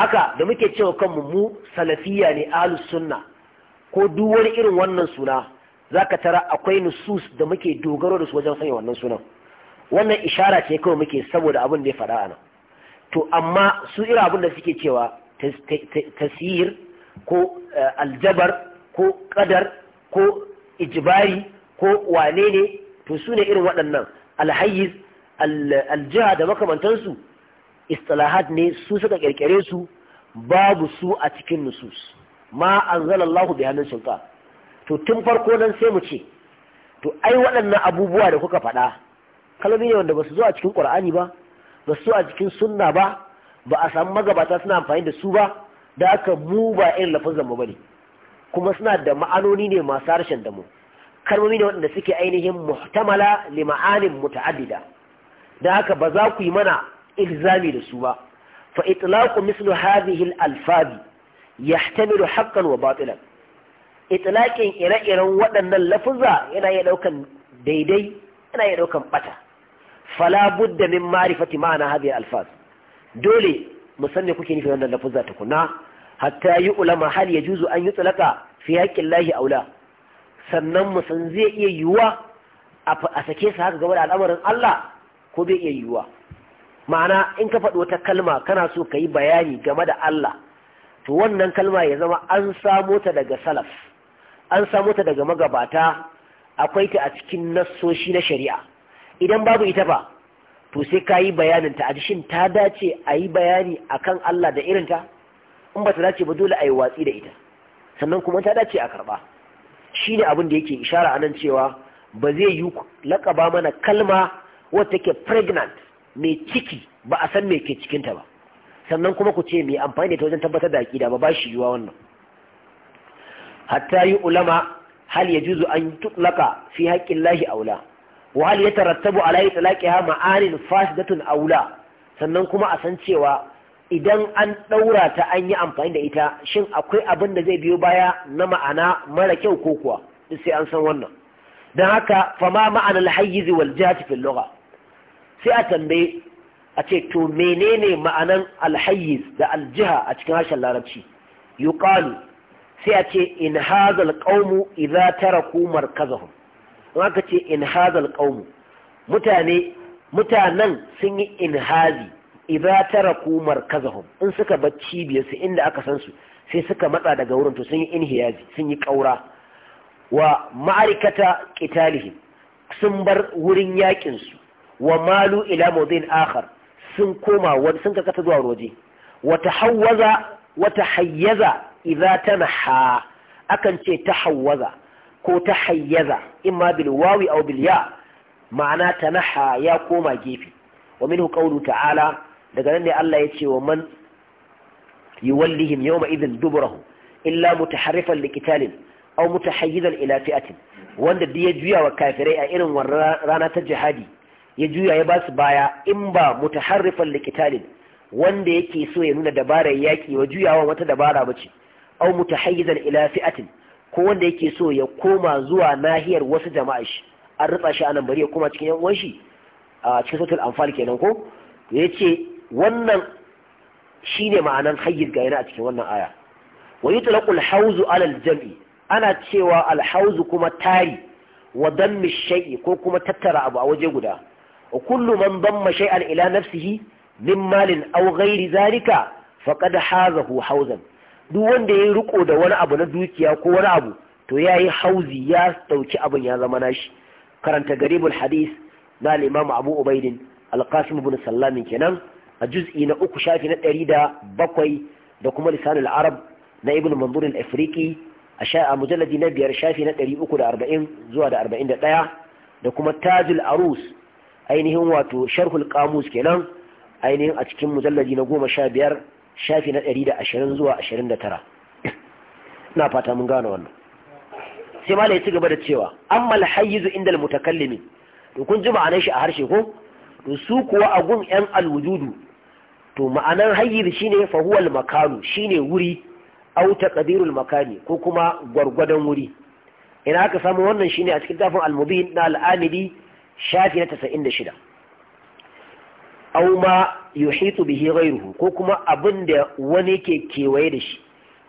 haka da muke cewa kanmu mu salafiya ne ahlus sunna ko duk wani irin wannan suna zaka tara akwai nusus da muke dogaro da su wajen sanya wannan sunan wannan ishara ce kawai muke saboda abin da ya faɗa ana to amma su irin abin da suke cewa tasir ko eh, aljabar ko kadar ko ijibari ko wane ne to su ne irin waɗannan alhayiz aljiha da makamantansu istilahat ne su suka kirkire su babu su a cikin nusus ma anzalallahu bi hannun sulta to tun farko nan sai mu ce to ai waɗannan abubuwa da kuka faɗa kalmomi ne wanda ba su zo a cikin qur'ani ba ba su a cikin sunna ba ba a samu magabata suna amfani da su ba da aka mu ba irin lafazan mu bane kuma suna da ma'anoni ne masu harshen da mu kalmomi ne waɗanda suke ainihin muhtamala li ma'anin muta'addida da haka ba za ku yi mana ilzami da su ba fa itlaqu mislu hadhihi al-alfazi yahtamilu haqqan wa batilan itlaqin ire-iren waɗannan lafuzza yana iya daukan daidai yana iya daukan bata fala budda min ma'rifati ma'ana hadhihi al dole musanne kuke nufi wannan lafuzza tukuna hatta yi ulama hal ya juzu an yi tsalaka fi haƙƙin lahi aula sannan musan zai iya yiwuwa a sake su haka game da al'amarin Allah ko bai iya yiwuwa ma'ana in ka faɗi wata kalma kana so ka yi bayani game da Allah to wannan kalma ya zama an samo ta daga salaf an samo ta daga magabata akwai ta a cikin nassoshi na shari'a idan babu ita ba to sai ka yi bayanin ta shin ta dace a yi bayani akan Allah da irinta in ba ta dace ba dole a yi watsi da ita sannan kuma ta dace a karba shi ne abin da yake ishara a nan cewa ba zai yi laƙaba mana kalma wata ke pregnant mai ciki ba a san mai ke cikinta ba sannan kuma ku ce mai amfani da ita wajen tabbatar da aƙida ba ba shi yiwuwa wannan hatta yi ulama hal ya juzu an tutlaka fi haƙƙin lahi aula wa hal ya tarattabu ala yi ha ma'anin fasidatun aula sannan kuma a san cewa idan an ɗaura ta an yi amfani da ita shin akwai abin da zai biyo baya na ma'ana mara kyau ko kuwa sai an san wannan don haka fama ma'anar hayyizi wal jihati fil sai a tambaye a ce to menene ma'anan alhayyiz da aljiha a cikin harshen larabci yuqalu sai a ce in hazal qaumu idza taraku markazahum in aka ce in hazal qaumu mutane mutanen sun yi in inhazi idza taraku markazahum in suka bar su inda aka san su sai suka matsa daga wurin to sun yi in inhiyazi sun yi kaura wa ma'arikata qitalihim sun bar wurin yakin su wa malu ila mawdin akhar sun koma wani sun karkata zuwa waje wata hawaza wata hayyaza idza tanaha akan ce tahawaza ko tahayyaza imma bil wawi aw bil ya ma'ana tanaha ya koma gefe wa minhu qawlu ta'ala daga nan ne Allah ya ce wa man yuwallihim yawma idhin duburahu illa mutaharrifan liqitalin aw mutahayyizan ila fi'atin wanda duk ya juya wa kafirai a irin wannan rana ta jihadi ya juya ya basu baya in ba mutaharrifan likitalin wanda yake so ya nuna dabarar yaki wa juyawa wata dabara bace aw mutahayyizan ila fi'atin ko wanda yake so ya koma zuwa nahiyar wasu jama'a shi an rutsa shi anan bari ya koma cikin yan uwan shi a cikin sautul anfal kenan ko yace wannan shine ma'anan hayyiz ga yana a cikin wannan aya wa yutlaqul hawzu ala al-jam'i ana cewa al-hawzu kuma tari wa dammi shay'i ko kuma tattara abu a waje guda wa kullu man damma shay'an ila nafsihi min malin aw ghairi zalika faqad hazahu hawzan duk wanda ya yi riko da wani abu na dukiya ko wani abu to yayi hauzi ya ɗauki abin ya zama nashi karanta garibul Hadis na al-imam Abu Ubaid al-Qasim ibn Sallam kenan a juz'i na uku shafi na ɗari da bakwai da kuma lisanul arab na ibn mandur al a mujalladi na biyar shafi na ɗari uku da arba'in zuwa da arba'in da ɗaya da kuma tajul arus ainihin wato sharhul kamus kenan ainihin a cikin mujallaji na goma sha biyar shafi na ɗari da ashirin zuwa ashirin da tara na fata mun gane wannan sai ma ya ci gaba da cewa amma alhayyizu inda almutakallimi to kun ji ma'anar shi a harshe ko to su kuwa a gun yan alwujudu to ma'anar hayyiz shine fahuwal makanu shine wuri Auta taqdirul makani ko kuma gwargwadon wuri ina aka samu wannan shine a cikin tafin almubin na al'amidi shafi na tasa'in da shida au ma yuhitu bihi ghayruhu ko kuma abin da wani ke kewaye da shi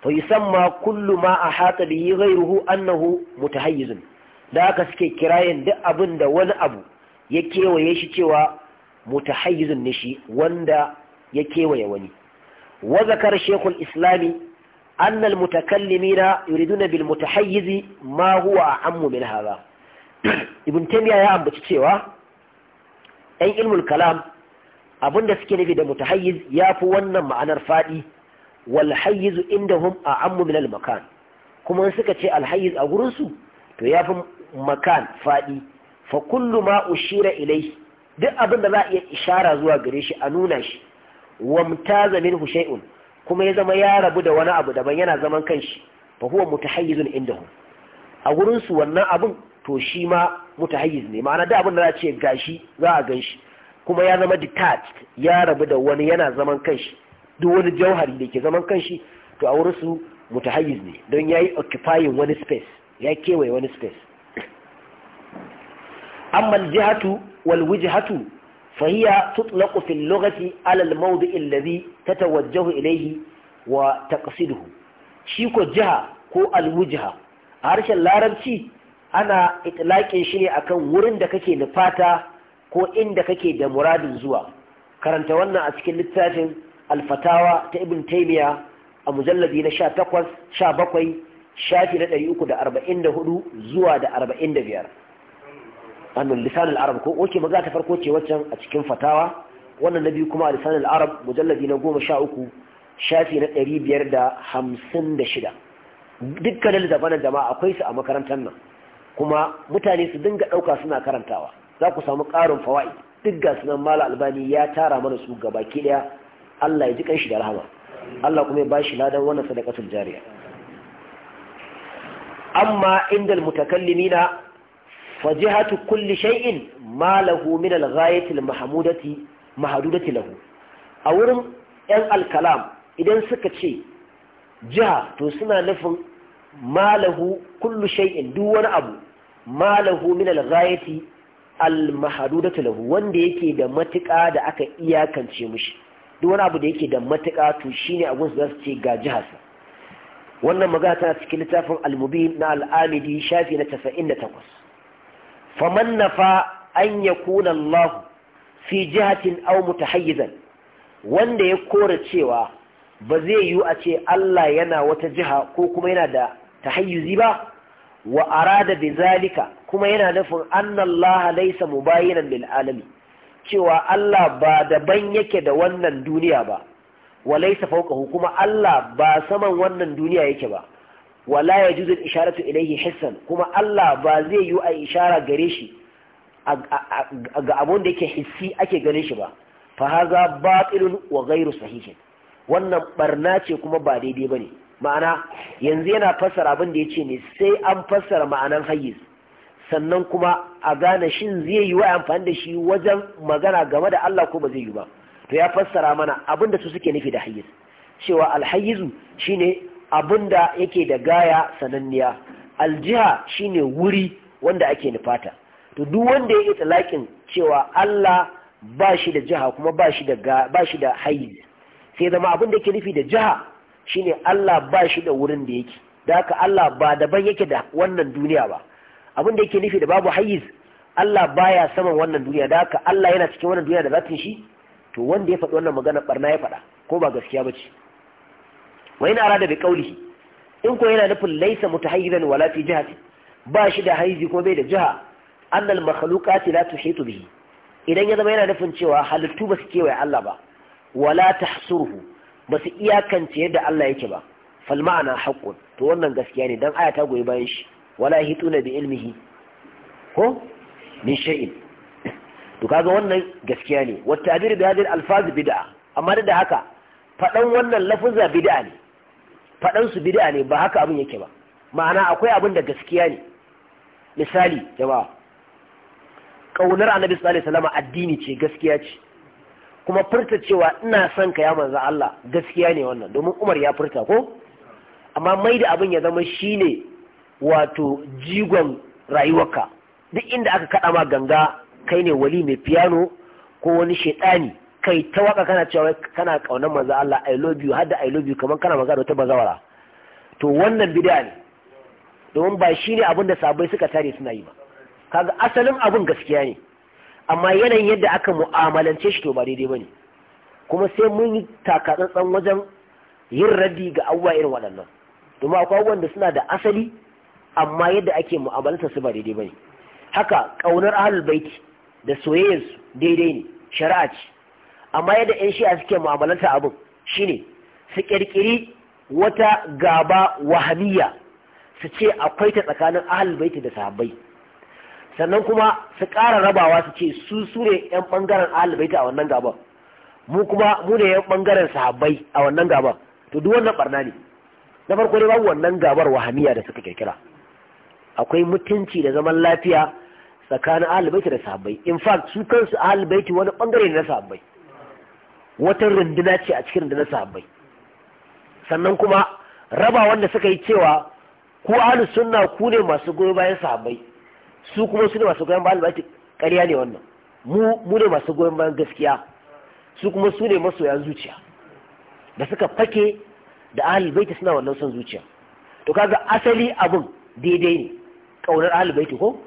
fa yusamma kullu ma ahata bihi ghayruhu annahu mutahayyizun da aka suke kirayen duk abin da wani abu ya kewaye shi cewa mutahayyizun ne shi wanda ya kewaye wani wa zakar shekul islami annal mutakallimina yuriduna bil mutahayyizi ma huwa a'ammu min hadha ibn taymiya ya ambaci cewa ɗan ilmul kalam abin da suke nufi da mutahayyiz ya fi wannan ma'anar faɗi wal inda hum a ammu min al makan kuma suka ce al hayyiz a gurin su to ya fi makan faɗi fa kullu ma ushira ilai duk abin da za a iya ishara zuwa gare shi a nuna shi mutaza min shay'un kuma ya zama ya rabu da wani abu daban yana zaman kanshi fa huwa mutahayyizun indahum a gurin wannan abin to shi ma mutahayyiz ne ma'ana da abin da za ce gashi za a ganshi kuma ya zama detached ya rabu da wani yana zaman kanshi duk wani jauhari da ke zaman kanshi to a wurin su mutahayyiz ne don ya yi occupying wani space ya kewaye wani space amma jihatu wal al-lughati lokaci alal mawdi alladhi tatawajjahu ta wajjahu taqsiduhu wa ko Shiko ko ko الوجهة a harshen larabci ana itlaƙin shi ne akan wurin da kake nufata ko inda kake da muradin zuwa karanta wannan a cikin littafin alfatawa ta ibn taimiya a mujalladi na 18 bakwai shafi na 344 zuwa da 45 annun lisan arab ko oke maza ta farko ce waccan a cikin fatawa wannan na biyu kuma a lisan al'arab mujallabi na 13 shafi na shida. dukkanin littafan jama'a akwai su a makarantar nan kuma mutane su dinga ɗauka suna karantawa za ku samu ƙarin fawa'i duk ga sunan mala albani ya tara mana su gaba ki ɗaya Allah ya ji kanshi da rahama Allah kuma ya ba shi ladan wannan sadakatun jariya amma inda na fajihatu kulli shay'in ma lahu min alghayati almahmudati mahdudati lahu a wurin yan alkalam idan suka ce jiha to suna nufin malahu kullu shay'in duk wani abu malahu min al-ghayati al mahdudati lahu wanda yake da matuƙa da aka iyakance mishi duk wani abu da yake da matuƙa to shine abun da zasu ce ga jihasa wannan magana tana cikin littafin al-mubin na al-amidi shafi na 98 faman nafa an yakuna Allah fi jihatin aw mutahayyizan wanda ya kora cewa ba zai yiwu a ce Allah yana wata jiha ko kuma yana da tahayyuzi ba wa arada bi zalika kuma yana nufin annallaha laysa mubayinan lil alami cewa Allah ba daban yake da wannan duniya ba wa laysa fawqahu kuma Allah ba saman wannan duniya yake ba wala yajuzu isharatu ilayhi hissan kuma Allah ba zai yiwu a ishara gare shi ga abun da yake hissi ake ganin shi ba fa haza batilun wa ghairu sahihin wannan barna ce kuma ba daidai ba ne ma'ana yanzu yana fassara abin da ya ce ne sai an fassara ma'anan hayyiz sannan kuma a gane shin zai yi wa amfani da shi wajen magana game da Allah ko ba zai yi ba to ya fassara mana abin da su suke nufi da hayyiz cewa alhayyizu shine abin da yake da gaya sananniya aljiha shine wuri wanda ake nufata to duk wanda ya yi talakin cewa Allah ba shi da jiha kuma ba shi da hayyiz sai zama abin da yake nufi da jiha shine Allah ba shi da wurin da yake da haka Allah ba daban yake da wannan duniya ba abin da yake nufi da babu hayyiz Allah baya saman wannan duniya da haka Allah yana cikin wannan duniya da zatin shi to wanda ya faɗi wannan magana barna ya faɗa ko ba gaskiya ba ce wa yana arada bi qawlihi in ko yana nufin laysa mutahayyizan wala fi jihati ba shi da haizi ko bai da jiha annal makhluqati la tuhitu bihi idan ya zama yana nufin cewa halittu ba su kewaye Allah ba wala tahsurhu ba su iyakance yadda Allah yake ba fal ma'ana haqqun to wannan gaskiya ne dan aya ta goyi bayan shi wala hituna bi ilmihi ko min shay'in to kaga wannan gaskiya ne wa ta'bir bi hadhihi alfaz bid'a amma da haka fadan wannan lafuza bid'a ne fadan su bid'a ne ba haka abin yake ba ma'ana akwai abin da gaskiya ne misali jama'a kaunar annabi sallallahu alaihi wasallam addini ce gaskiya ce kuma furta cewa ina son ka ya manzo Allah gaskiya ne wannan domin Umar ya furta ko amma mai da abin ya zama shine wato jigon rayuwarka duk inda aka kada ma ganga kai ne wali mai piano ko wani shedani kai ta waka kana cewa kana kaunar manzo Allah I love you hadda I love you kamar kana magana ta bazawara to wannan bid'a ne domin ba shine abin da sabai suka tare suna yi ba kaga asalin abin gaskiya ne
amma yanayin yadda
aka mu'amalance shi to ba daidai ba ne, kuma sai mun yi takatsantsan wajen yin raddi ga abubuwa irin waɗannan domin akwai abubuwan da suna da asali amma yadda ake mu'amalanta su ba daidai ba ne, haka ƙaunar ahlul baiti da soyayyarsu daidai ne shari'a ce amma yadda yan shi'a suke mu'amalanta abin shine su ƙirƙiri wata gaba wahamiya su ce akwai ta tsakanin ahlul baiti da sahabbai sannan kuma su ƙara rabawa su ce su su ne yan ɓangaren alibaita a wannan gaban mu kuma mu ne yan ɓangaren sahabbai a wannan gaban to duk wannan ɓarna ne na farko dai babu wannan gabar wahamiya da suka kirkira akwai mutunci da zaman lafiya tsakanin alibaita da sahabbai in fact su kansu alibaita wani ɓangare ne na sahabbai wata runduna ce a cikin rundunar sahabbai sannan kuma raba wanda suka yi cewa ku ahlus sunna ku ne masu goyo bayan sahabai. su kuma su ne masu goyon bayan albaki ƙarya ne wannan mu ne masu goyon bayan gaskiya su kuma su ne masoya zuciya da suka fake da ahlul baiti suna wannan son zuciya to kaga asali abun daidai ne ƙaunar ahlul ko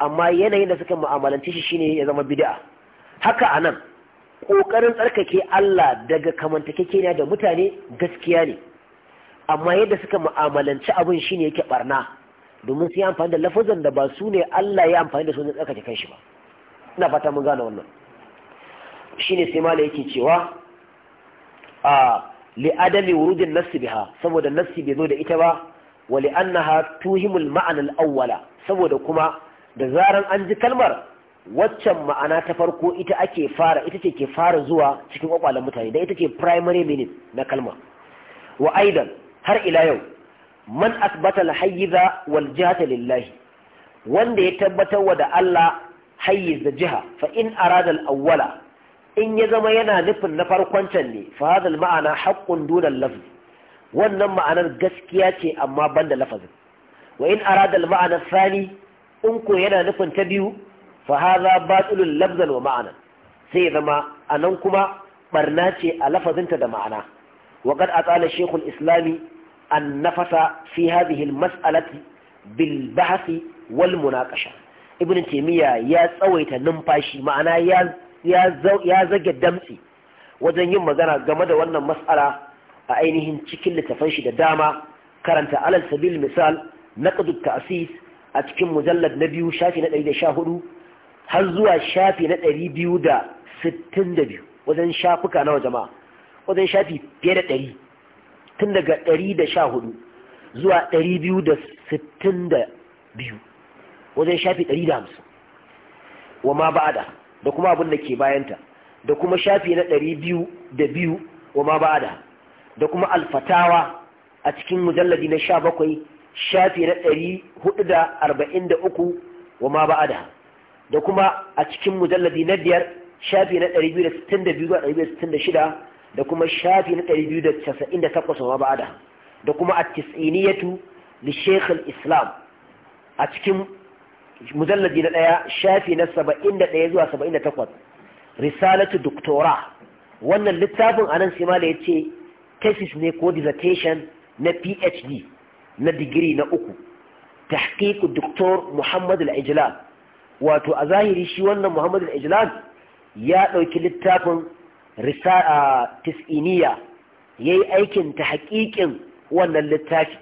amma yanayin da suka mu'amalanci shi shine ya zama bid'a haka anan kokarin tsarkake Allah daga kamantakekeniya da mutane gaskiya ne amma yadda suka ma'amalanci abun shine yake barna domin su yi amfani da lafazan da ba su ne Allah ya amfani da su ne tsakace shi ba ina fata mun gane wannan shine sai mala yake cewa a li adami wurudin nassi biha saboda nassi bai zo da ita ba wa li annaha tuhimul ma'ana al-awwala saboda kuma da zaran an ji kalmar waccan ma'ana ta farko ita ake fara ita ce ke fara zuwa cikin kwakwalen mutane da ita ce primary meaning na kalma wa aidan har ila yau man asbata al-hayyiza wal jihata lillahi wanda ya tabbatar wa da Allah hayyiz da jiha fa in arada al-awwala in ya zama yana nufin na farkon can ne fa hadha al-ma'ana haqqun duna al-lafz wannan ma'anar gaskiya ce amma banda lafazin wa in arada al-ma'ana thani in ko yana nufin ta biyu fa hadha batilul lafzan wa ma'ana sai zama anan kuma barna ce a lafazinta da ma'ana wa a atala shaykhul islami النفس في هذه المسألة بالبحث والمناقشة ابن تيمية يا سويت نمفاشي معنا يا يا زو يا زج الدمسي wajen yin magana game da wannan mas'ala a ainihin cikin littafan shi da dama karanta alal sabil misal naqdu ta'sis a cikin mujallar na biyu shafi na 114 har zuwa shafi na 262 wajen shafuka nawa jama'a wajen shafi fiye da 100 tun daga 114 zuwa 262 wajen shafi 150 wa ma ba'ada da kuma abin da ke bayanta da kuma shafi na 202 wa ma ba'ada da kuma alfatawa a cikin mujalladi na 17 shafi na 443 wa ma ba'ada da kuma a cikin mujalladi na biyar shafi na 262 zuwa 266 da kuma shafi na ɗari 298 wa ba'ada da kuma at-tis'iniyatu li shaykh al-islam a cikin mujalladi na ɗaya shafi na saba'in da ɗaya zuwa saba'in da takwas. risalatu doktora wannan littafin anan sai ya ce tesis ne ko dissertation na PhD na digiri na uku tahqiqu doktor Muhammad al-Ijlan wato a zahiri shi wannan Muhammad al-Ijlan ya ɗauki littafin Risa'a tis'iniya ya yi aikin ta haƙiƙin wannan littafi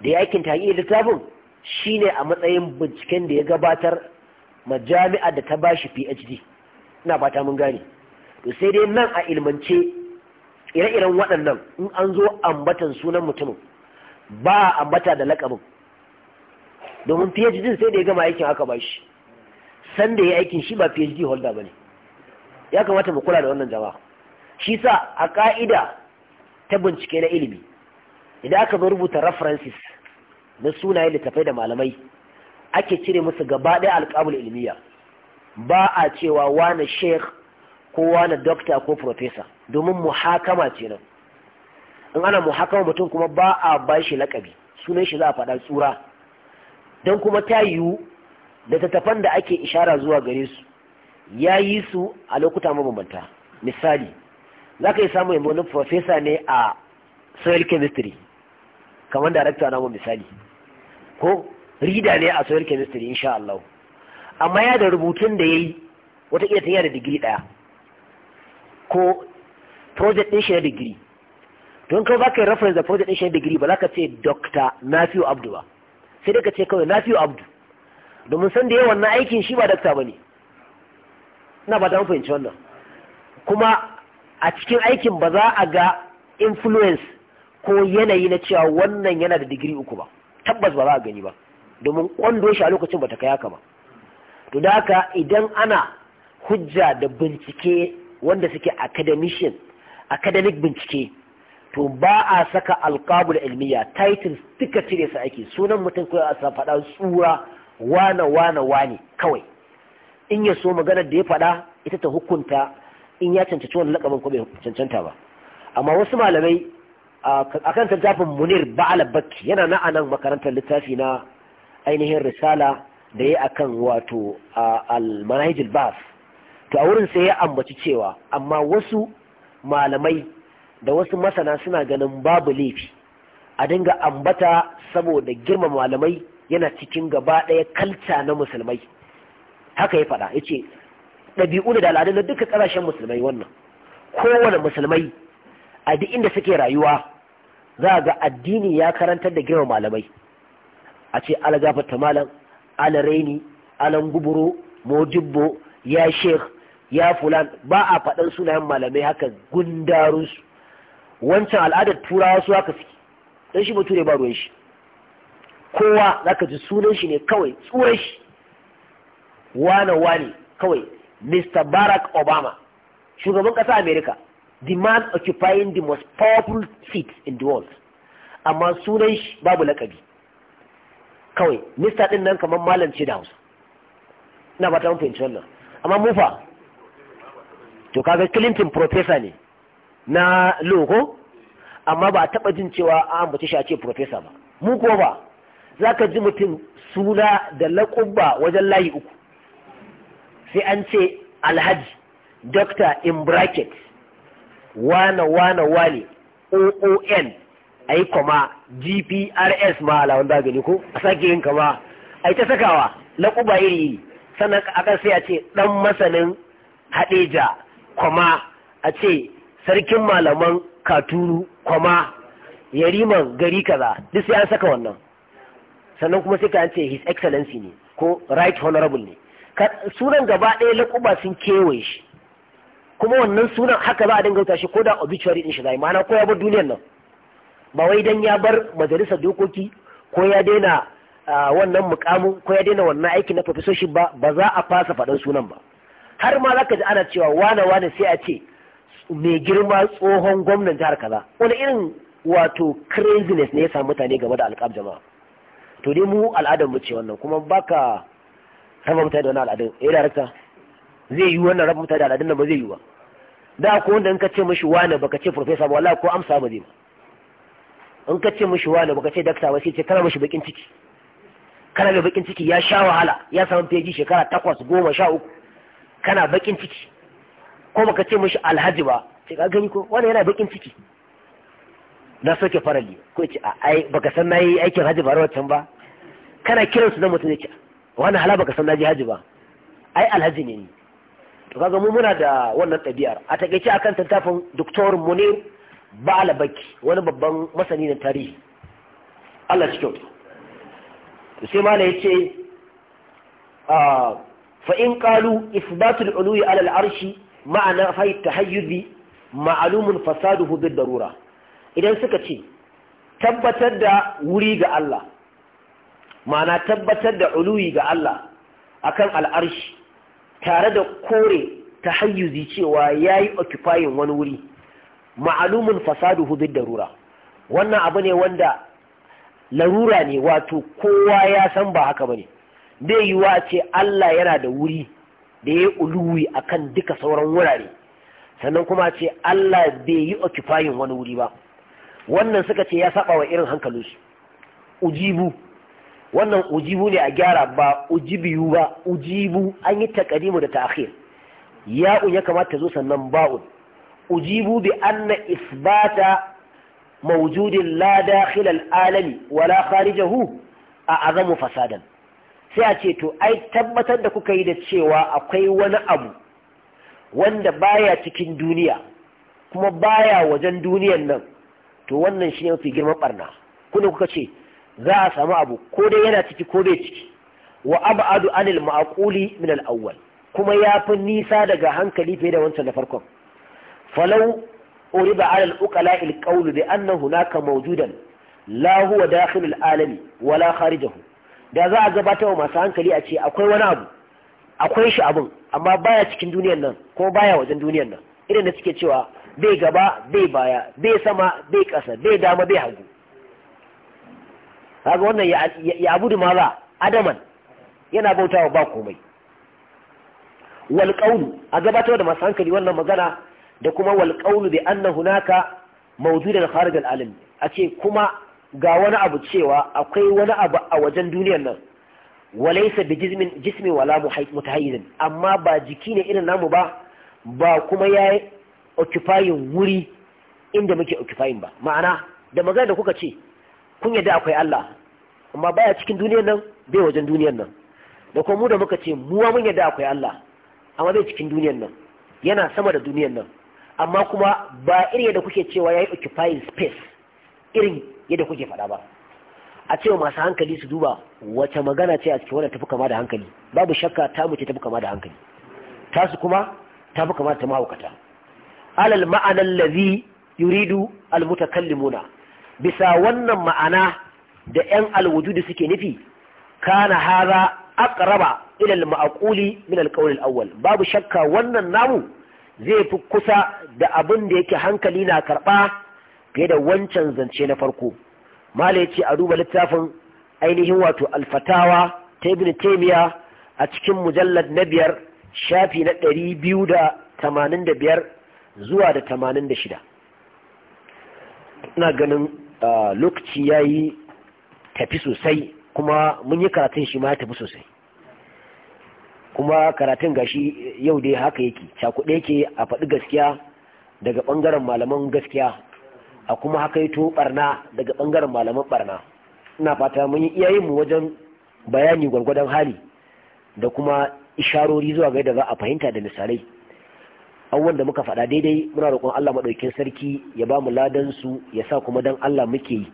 da ya aikin ta haƙiƙin littafin shine a matsayin binciken da ya gabatar majami'a da ta bashi phd ina fata mun gane to sai dai nan a ilmance ire-iren waɗannan in an zo ambatan sunan mutumin ba a ambata da laƙabin domin phd sai da ya gama aikin aka bashi sanda ya aikin shi ba phd holder ba ne ya kamata mu kula da wannan jama'a shi sa a ka'ida ta bincike na ilimi idan aka zo rubuta references na sunaye littafai da malamai ake cire musu gaba ɗaya alƙabul ilmiya ba a cewa wani sheikh ko wani dokta ko profesa domin muhakama ce nan in ana muhakama mutum kuma ba a ba shi laƙabi sunan shi za a faɗa tsura don kuma ta yiwu da tattafan da ake ishara zuwa gare su ya yi su a lokuta mabambanta misali za ka yi samu yanzu wani profesa ne a soil chemistry kamar darakta namun misali ko rida ne a soil chemistry insha Allah amma ya da rubutun da ya yi wata ta tanya da digiri daya ko project din shi na digiri don kawai baka yi reference da project shi na digiri ba za ka ce Dr. Nafiu Abdu ba sai dai ka ce kawai Nafiu Abdu domin san da yawan na aikin shi ba dakta ba ne na ba don fahimci wannan kuma a cikin aikin ba za a ga influence ko yanayi na cewa wannan yana da digiri uku ba tabbas ba za a gani ba domin kwando shi a lokacin ba ta kai haka ba to da haka idan ana hujja da bincike wanda suke academician academic bincike to ba a saka alkabul ilmiya titles duka cire su ake sunan mutum kawai a faɗa tsura wane wane wane kawai in ya so maganar da ya faɗa ita ta hukunta in ya cancanci wani lakabin ko bai cancanta ba amma wasu malamai a kan littafin munir ba'ala bakki yana na anan makarantar littafi na ainihin risala da ya akan wato al bas to a wurin sai ya ambaci cewa amma wasu malamai da wasu masana suna ganin babu laifi a dinga ambata saboda girma malamai yana cikin gaba ɗaya kalta na musulmai haka ya faɗa ya ce ɗabi'u da al'adu na duka ƙasashen musulmai wannan kowane musulmai a duk inda suke rayuwa za a ga addini ya karantar da girma malamai a ce algafata malam alaraini alan guburo mojibbo ya sheikh ya fulan ba a faɗan sunayen malamai haka gundarunsu wancan al'adar turawa su haka suke don shi ne ba ruwan shi kowa zaka ji sunan shi ne kawai tsuran shi wane wane kawai Mr. Barack Obama shugaban ƙasa Amerika. the man occupying the most powerful seat in the world amma sunan shi babu lakabi kawai Mr. din nan kamar malam ce da Hausa ina ba ta mun fahimci wannan amma mufa to kaga Clinton professor ne na loko amma ba a taɓa jin cewa an ambace shi a ce professor ba mu ko ba za ka ji mutum suna da laƙubba wajen layi uku sai an ce alhaji Dokta in bracket wane wane wane oon a yi kwama gprs ma alawan da gani ko a sake yin kama a yi ta sakawa laƙuba iri sannan a kan sai a ce ɗan masanin haɗeja kwama a ce sarkin malaman katuru kwama yariman gari kaza duk sai an saka wannan sannan kuma sai ka ce his excellency ne ko right honorable ne sunan gaba ɗaya laƙuba sun kewaye shi kuma wannan sunan haka za a dinga ko da obituary din shi zai ma'ana ko ya bar duniyar nan ba wai dan ya bar majalisar dokoki ko ya daina wannan mukamin ko ya daina wannan aikin na professorship ba ba za a fasa faɗan sunan ba har ma zaka ji ana cewa wane wane sai a ce mai girma tsohon gwamnan jihar kaza wani irin wato craziness ne ya samu mutane game da alƙab jama'a to dai mu al'adar mu ce wannan kuma baka raba mutane da wani al'adun eh darakta zai yi wannan raba mutane da al'adun nan ba zai yi ba da ko wanda in ka ce mishi wani baka ce professor ba wala ko amsa ba zai ba in ka ce mishi wani baka ce dakta ba sai ce kana mashi bakin ciki kana mai bakin ciki ya sha wahala ya samu feji shekara takwas goma sha uku kana bakin ciki ko baka ce mashi alhaji ba sai ka gani ko wani yana bakin ciki na soke farali ko ce ai baka san nayi aikin haji ba rawatan ba kana kiransu na mutum yake wani hala baka san naji haji ba ai alhaji ne ni to kaga mu muna da wannan ɗabi'ar a takeice akan tantafin doktor munir ba'alabaki wani babban masani na tarihi Allah shi kyau to sai mala yace a ah, fa in qalu isbatul ului ala al-arshi ma'ana fa tahayyubi ma'lumun fasaduhu bid darura idan suka ce tabbatar da wuri ga Allah ma'ana tabbatar da uluwi ga Allah akan al'arshi tare da kore ta hayyuzi cewa ya yi occupying wani wuri ma'alumin fasadu hudun darura wannan abu ne wanda larura ne wato kowa ya san ba haka ba ne yiwa ce Allah yana da wuri da ya yi uluwi akan duka sauran wurare sannan kuma ce Allah bai yi occupying wani wuri ba wannan suka ce ya saba wa irin hankalinsu ujibu wannan ujibu ne a gyara ba ujibiyu ba ujibu an yi takadimu da ta'khir ya'un ya kamata zo sannan ba'un ujibu bi anna isbata mawjudin la dakhil al-alami wala kharijahu a azamu fasadan sai a ce to ai tabbatar da kuka yi da cewa akwai wani abu wanda baya cikin duniya kuma baya wajen duniyan nan to wannan shi ne mafi girman barna kuna kuka ce za a samu abu ko dai yana ciki ko bai ciki wa ab'adu anil ma'quli min al-awwal kuma ya fi nisa daga hankali fiye da wancan da farkon falau uriba ala al-uqala al-qawl bi anna hunaka mawjudan la huwa dakhil al-alami wala kharijahu da za a gabatar wa masu hankali a ce akwai wani abu akwai shi abun amma baya cikin duniyar nan ko baya wajen duniyar nan irin da suke cewa bai gaba bai baya bai sama bai ƙasa bai dama bai hagu kaga wannan ya abudu ma ba adaman yana bautawa ba komai wal a gabatar da masu hankali wannan magana da kuma wal qawlu bi anna hunaka mawdudan kharij al a ce kuma ga wani abu cewa akwai wani abu a wajen duniyar nan walaisa bi jismin jismi wala mutahayyizin amma ba jiki ne irin namu ba ba kuma yayi occupying wuri inda muke occupying ba ma'ana da magana da kuka ce kun yadda akwai Allah amma baya cikin duniyar nan bai wajen duniyar nan da kuma mu da muka ce mu wa mun yadda akwai Allah amma bai cikin duniyar nan yana sama da duniyar nan amma kuma ba irin yadda kuke cewa ya yi occupying space irin yadda kuke faɗa ba a cewa masu hankali su duba wace magana ce a cikin wadda tafi kama da hankali babu shakka ta mu ce tafi kama da hankali tasu kuma tafi kama ta mahaukata alal ma'anar lazi yuridu almutakallimuna bisa wannan ma'ana da 'yan alwujudi suke nufi kana hara aqraba ila al-ma'quli min al-qawl awwal babu shakka wannan namu zai fi kusa da abin da yake hankali na karba fiye da wancan zance na farko mala yace a duba littafin ainihin wato alfatawa fatawa ta ibn taymiya a cikin mujallad na biyar shafi na ɗari biyu da tamanin da biyar zuwa da tamanin da shida ina ganin lokaci ya yi tafi sosai kuma mun yi karatun shi ma ya tafi sosai kuma karatun gashi yau dai haka yake cakuɗe yake a faɗi gaskiya daga ɓangaren malaman gaskiya a kuma haka yi to ɓarna daga ɓangaren malaman ɓarna ina fata mun yi iyayenmu wajen bayani gwargwadon hali da kuma isharori zuwa ga yadda za a fahimta da misalai abubuwan da muka faɗa daidai muna roƙon Allah maɗaukin sarki ya ba mu ladan su ya sa kuma dan Allah muke yi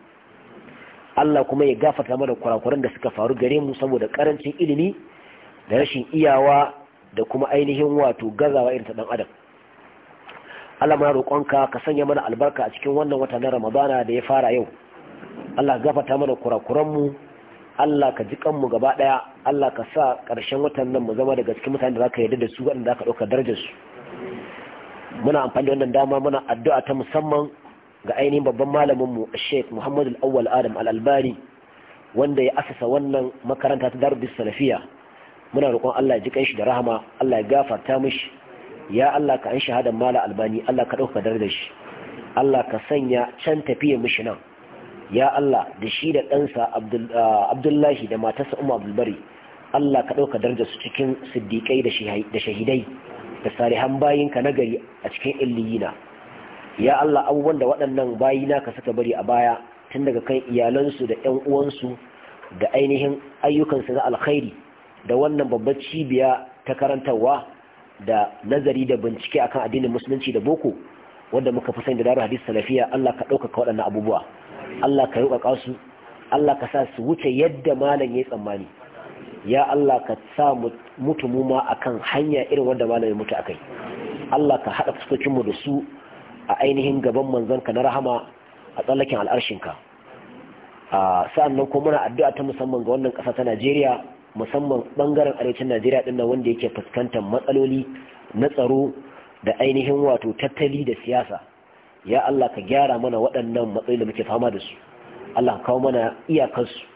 Allah kuma ya gafarta mana kurakuran da suka faru gare mu saboda karancin ilimi da rashin iyawa da kuma ainihin wato gazawa irin ta dan adam Allah muna roƙonka ka sanya mana albarka a cikin wannan wata na Ramadana da ya fara yau Allah gafarta mana kurakuranmu Allah ka ji kanmu gaba ɗaya Allah ka sa karshen watan nan mu zama daga cikin mutanen da zaka yarda da su waɗanda zaka ɗauka darajar su muna amfani da wannan dama muna addu'a ta musamman ga ainihin babban malaminmu Sheikh Muhammad Al-Awwal Adam al wanda ya asasa wannan makaranta ta Darbi Salafiya muna roƙon Allah ya ji kanshi da rahama Allah ya gafarta mishi ya Allah ka an shahadan mala albani Allah ka dauka dar da shi Allah ka sanya can tafiye mishi nan ya Allah da shi da ɗansa ah, Abdullahi da matarsa Umar Bulbari Allah ka dauka darajar su cikin siddiƙai da shahidai da salihan bayinka na gari a cikin illiyina ya Allah abubuwan da waɗannan bayina ka saka bari a baya tun daga kan iyalansu da ƴan uwansu da ainihin ayyukansu na alkhairi da wannan babbar cibiya ta karantarwa da nazari da bincike akan addinin musulunci da boko wanda muka fi sani da daru hadis salafiya Allah ka ɗaukaka waɗannan abubuwa Allah ka ruƙaƙa su Allah ka sa su wuce yadda malam ya yi tsammani ya Allah ka sa mutu mu ma akan hanya irin wanda malami mutu akai Allah ka haɗa fuskokin mu da su a ainihin gaban manzon ka na rahama a tsallakin al'arshinka a sa'annan kuma muna addu'a ta musamman ga wannan ƙasa ta Najeriya musamman bangaren arewacin Najeriya din nan wanda yake fuskantar matsaloli na tsaro da ainihin wato tattali da siyasa ya Allah ka gyara mana waɗannan matsaloli da muke fama da su Allah ka kawo mana iyakansu.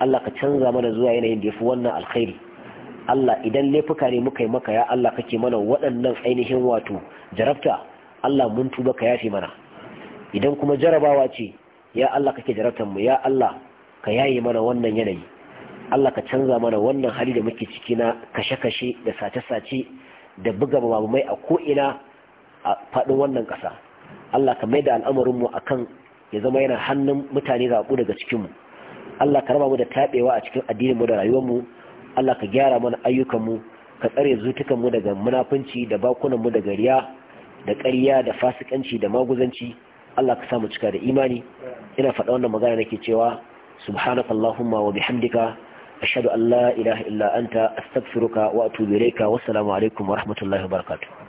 Allah ka canza mana zuwa yanayin da yafi wannan alkhairi Allah idan laifuka ne muka yi maka ya Allah kake mana waɗannan ainihin wato jarabta Allah mun tuba ka yafe mana idan kuma jarabawa ce ya Allah kake jarabtar mu ya Allah ka yaye mana wannan yanayi Allah ka canza mana wannan hali da muke ciki na kashe-kashe da sace-sace da buga mai a ko'ina a faɗin wannan ƙasa Allah ka mai da al'amarinmu a kan ya zama yana hannun mutane zaɓu daga cikinmu Allah ka raba mu da taɓewa a cikin addinin mu da rayuwar mu Allah ka gyara mana ayyukan mu ka tsare zutukan mu daga munafunci da bakunan mu daga riya da ƙarya da fasikanci da maguzanci Allah ka samu cika da imani ina faɗa wannan magana nake cewa subhanakallahumma wa bihamdika ashhadu an la ilaha illa anta astaghfiruka wa atubu ilayka assalamu alaikum wa rahmatullahi wa barakatuh